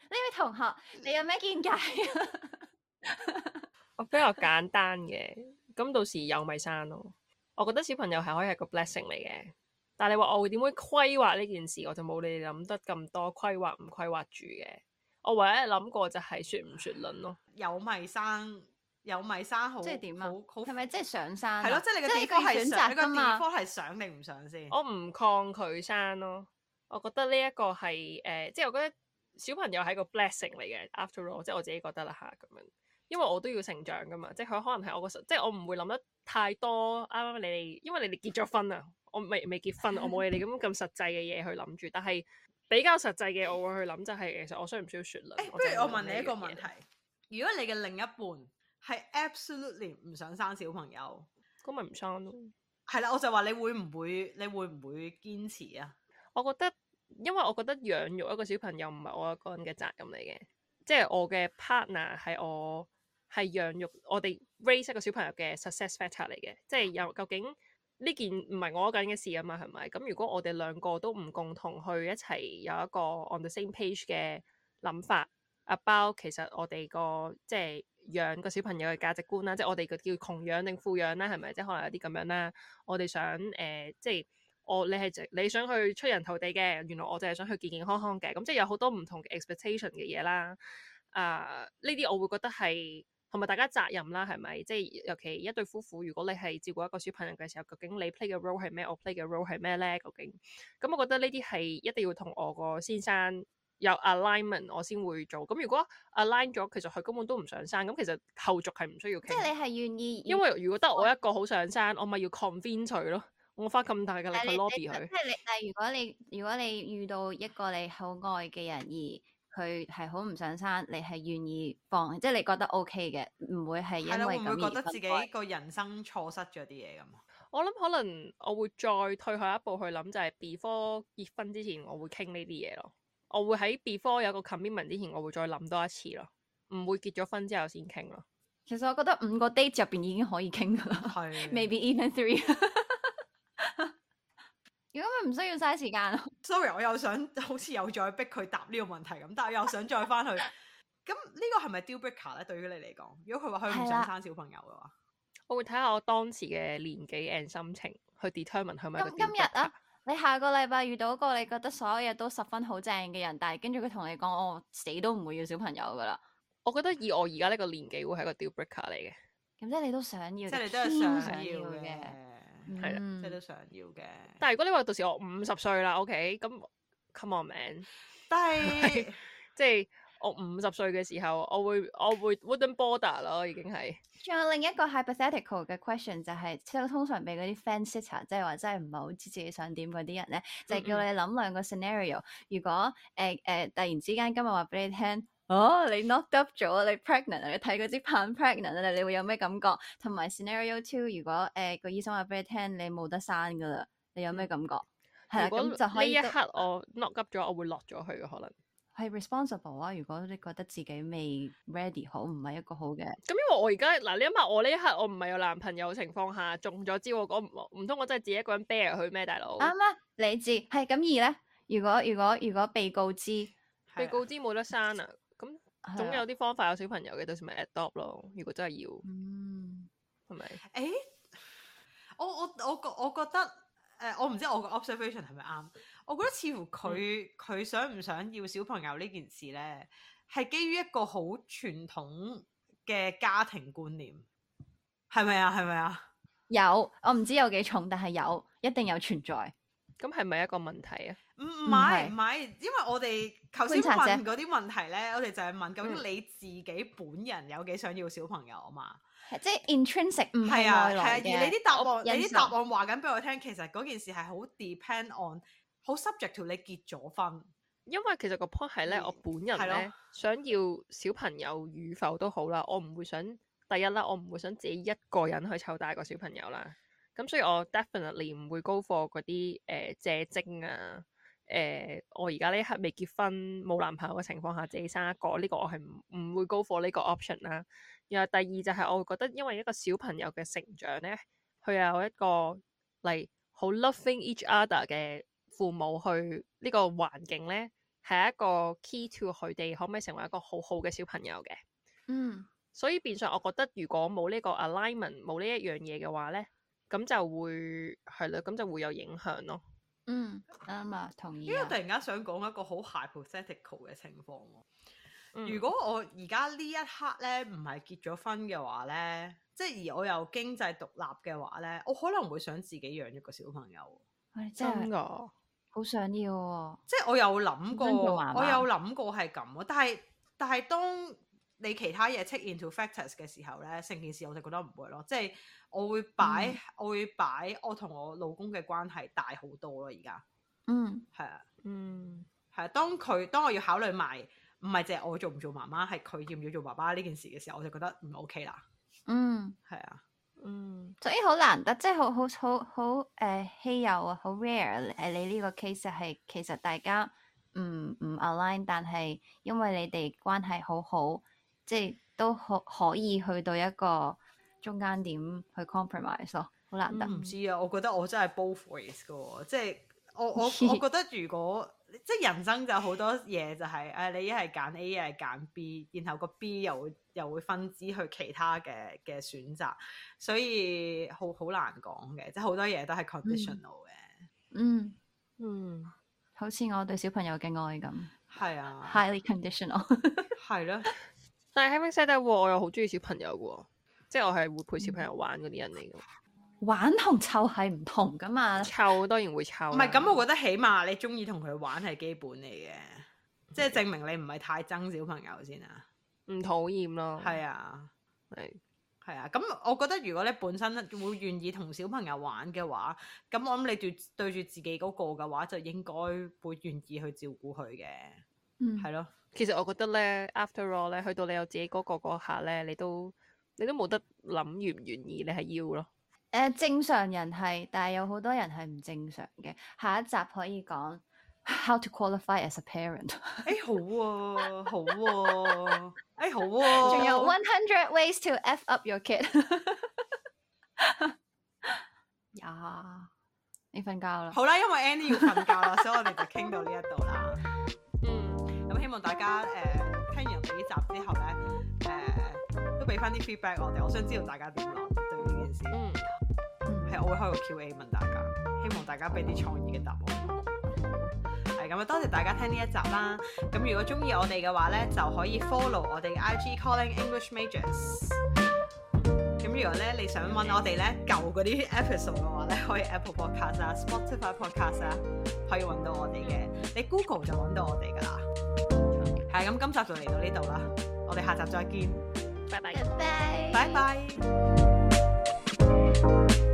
位同學，你有咩見解？ 我比較簡單嘅，咁到時又咪生咯。我覺得小朋友係可以係個 blessing 嚟嘅。但你話我會點樣規劃呢件事，我就冇你哋諗得咁多規劃唔規劃住嘅。我唯一諗過就係説唔説論咯。有咪生，有咪生好，即係點啊好？好，好係咪即係想生？係咯，即、就、係、是、你嘅地方想選擇啊嘛。呢個係想定唔想先？我唔抗拒生咯，我覺得呢一個係誒、呃，即係我覺得小朋友係一個 blessing 嚟嘅。After all，即係我自己覺得啦嚇咁樣，因為我都要成長噶嘛。即係佢可能係我個，即係我唔會諗得太多啱啱你哋，因為你哋結咗婚啊。我未未結婚， 我冇嘢你咁咁實際嘅嘢去諗住，但係比較實際嘅，我會去諗就係、係、其實我需唔需要選擇？欸、不如我問你一個問題：如果你嘅另一半係 absolutely 唔想生小朋友，咁咪唔生咯？係啦，我就話你會唔會？你會唔會堅持啊？我覺得，因為我覺得養育一個小朋友唔係我一個人嘅責任嚟嘅，即係我嘅 partner 係我係養育我哋 raise 一個小朋友嘅 success factor 嚟嘅，即係有究竟。呢件唔係我一個人嘅事啊嘛，係咪？咁如果我哋兩個都唔共同去一齊有一個 on the same page 嘅諗法，阿包其實我哋個即係養個小朋友嘅價值觀啦，即係我哋個叫窮養定富養啦，係咪？即係可能有啲咁樣啦。我哋想誒、呃，即係我你係你想去出人頭地嘅，原來我就係想去健健康康嘅。咁即係有好多唔同嘅 expectation 嘅嘢啦。啊、呃，呢啲我會覺得係。同埋大家責任啦，係咪？即係尤其一對夫婦，如果你係照顧一個小朋友嘅時候，究竟你 play 嘅 role 係咩？我 play 嘅 role 係咩咧？究竟咁，我覺得呢啲係一定要同我個先生有 alignment，我先會做。咁如果 align 咗，其實佢根本都唔想生。咁其實後續係唔需要傾。即係你係願意。因為如果得我一個好想生，我咪要 convince 佢咯，我花咁大嘅力去 lobby 佢。但係你但如果你如果你遇到一個你好愛嘅人而。佢係好唔想生，你係願意放，即係你覺得 O K 嘅，唔會係因為咁而分開。會唔會覺得自己個人生錯失咗啲嘢咁我諗可能我會再退後一步去諗，就係 before 結婚之前我，我會傾呢啲嘢咯。我會喺 before 有個 commitment 之前，我會再諗多一次咯。唔會結咗婚之後先傾咯。其實我覺得五個 date 入邊已經可以傾噶啦，maybe even three。 如果佢唔需要嘥時間，sorry，我又想好似又再逼佢答呢個問題咁，但係又想再翻去。咁、 這個、呢個係咪 deal breaker 咧？對於你嚟講，如果佢話佢唔想生小朋友嘅話，我會睇下我當時嘅年紀 and 心情去 determine 佢咪今日啊，你下個禮拜遇到一個你覺得所有嘢都十分好正嘅人，但係跟住佢同你講，我、哦、死都唔會要小朋友噶啦。我覺得以我而家呢個年紀會係一個 deal breaker 嚟嘅。咁即係你都想要，即係你都係想要嘅。係啦，即係都想要嘅。但係如果你話到時我五十歲啦，OK？咁 come on man，但係即係我五十歲嘅時候，我會我會 wouldn't bother 咯，已經係。仲有另一個 hypothetical 嘅 question 就係、是，即係通常俾嗰啲 fence sitter，即係話真係唔係好知自己想點嗰啲人咧，嗯嗯就係叫你諗兩個 scenario。如果誒誒、呃呃，突然之間今日話俾你聽。哦，你 knocked up 咗，你 pregnant，你睇嗰支棒 pregnant 你會有咩感覺？同埋 scenario two，如果誒個醫生話俾你聽，你冇得生噶啦，你有咩感覺？係啊，咁就可以，呢一刻我 knocked up 咗，啊、我會落咗去噶，可能係 responsible 啊？如果你覺得自己未 ready，好唔係一個好嘅。咁、嗯、因為我而家嗱，你諗下我呢一刻我唔係有男朋友情況下中咗招，我唔通我真係自己一個人 bear 去咩？大佬啱啊，理智係咁而咧。如果如果如果,如果被告知 被告知冇得生啊？ 總有啲方法有小朋友嘅， 到時就算咪 adopt 咯。如果真係要，係咪、嗯？誒、欸，我我我覺我覺得，誒、呃，我唔知我個 observation 係咪啱？我覺得似乎佢佢、嗯、想唔想要小朋友呢件事咧，係基於一個好傳統嘅家庭觀念，係咪啊？係咪啊？有，我唔知有幾重，但係有一定有存在。咁係咪一個問題啊？唔係唔係，因為我哋頭先問嗰啲問題咧，我哋就係問究竟你自己本人有幾想要小朋友啊嘛？即係 intrinsic 唔係外來嘅。係啊，係啊。而你啲答案，你啲答案話緊俾我聽，其實嗰件事係好 depend on，好 subject to 你結咗婚。因為其實個 point 係咧，我本人咧想要小朋友與否都好啦，我唔會想第一啦，我唔會想自己一個人去湊大個小朋友啦。咁所以我 definitely 唔會 go for 嗰啲，誒借精啊。誒、呃，我而家呢一刻未結婚，冇男朋友嘅情況下自己生一個呢、這個，我係唔唔會 go for 呢個 option 啦。然後第二就係我會覺得，因為一個小朋友嘅成長咧，佢有一個嚟好、like, loving each other 嘅父母去呢、這個環境咧，係一個 key to 佢哋可唔可以成為一個好好嘅小朋友嘅。嗯，所以變相我覺得如果冇呢個 alignment，冇呢一樣嘢嘅話咧。咁就會係啦，咁就會有影響咯。嗯，啱啊，同意、啊。因為我突然間想講一個好 hypothetical 嘅情況喎。嗯、如果我而家呢一刻咧唔係結咗婚嘅話咧，即係而我又經濟獨立嘅話咧，我可能會想自己養一個小朋友。唉、嗯，真㗎好想要喎、啊。即係我有諗過，我有諗過係咁喎。但係但係當你其他嘢 take into factors 嘅時候咧，成件事我就覺得唔會咯。即係我會擺，嗯、我會擺我同我老公嘅關係大好多咯。而家嗯係啊，嗯係啊。當佢當我要考慮埋，唔係淨係我做唔做媽媽，係佢要唔要做爸爸呢件事嘅時候，我就覺得唔 OK 啦。嗯係啊，嗯，所以好難得，即係好好好好誒稀有啊，好 rare 誒。你呢個 case 係其實大家唔唔 align，但係因為你哋關係好好。即係都可可以去到一個中間點去 compromise 咯，好難得。唔、嗯、知啊，我覺得我真係 both ways 嘅、哦，即係我我 我覺得如果即係人生就好多嘢就係、是、啊、哎，你一係揀 A，一係揀 B，然後個 B 又會又會分支去其他嘅嘅選擇，所以好好難講嘅，即係好多嘢都係 conditional 嘅、嗯。嗯的嗯，好似我對小朋友嘅愛咁，係啊，highly conditional，係 咯。 但係 having said that, 我又好中意小朋友嘅，即係我係會陪小朋友玩嗰啲人嚟嘅。玩同湊係唔同噶嘛？湊當然會湊。唔係咁，我覺得起碼你中意同佢玩係基本嚟嘅，即係證明你唔係太憎小朋友先啊。唔討厭咯。係啊，係係啊，咁我覺得如果你本身會願意同小朋友玩嘅話，咁我諗你對住自己嗰個嘅話，就應該會願意去照顧佢嘅。嗯，係咯，其實我覺得咧，after all 咧，去到你有自己嗰個嗰下咧，你都你都冇得諗願唔願意，你係要咯。誒，正常人係，但係有好多人係唔正常嘅。下一集可以講 how to qualify as a parent。誒，好啊，好啊，誒，好啊。仲有 one hundred ways to f up your kid。呀，你瞓覺啦。好啦，因為 Annie 要瞓覺啦，所以我哋就傾到呢一度啦。希望大家誒、呃、聽完、呃、我哋呢集之後咧，誒都俾翻啲 feedback 我哋，我想知道大家點諗對呢件事。嗯，係，我會開個 Q&A 問大家，希望大家俾啲創意嘅答案。係咁啊，多謝大家聽呢一集啦。咁如果鍾意我哋嘅話咧，就可以 follow 我哋嘅 IG Calling English Majors。咁如果咧你想揾我哋咧舊嗰啲 episode 嘅話咧，可以 Apple Podcast 啊、Spotify Podcast 啊，可以揾到我哋嘅。你 Google 就揾到我哋噶啦。咁今集就嚟到呢度啦，我哋下集再見，拜拜，拜拜，拜拜。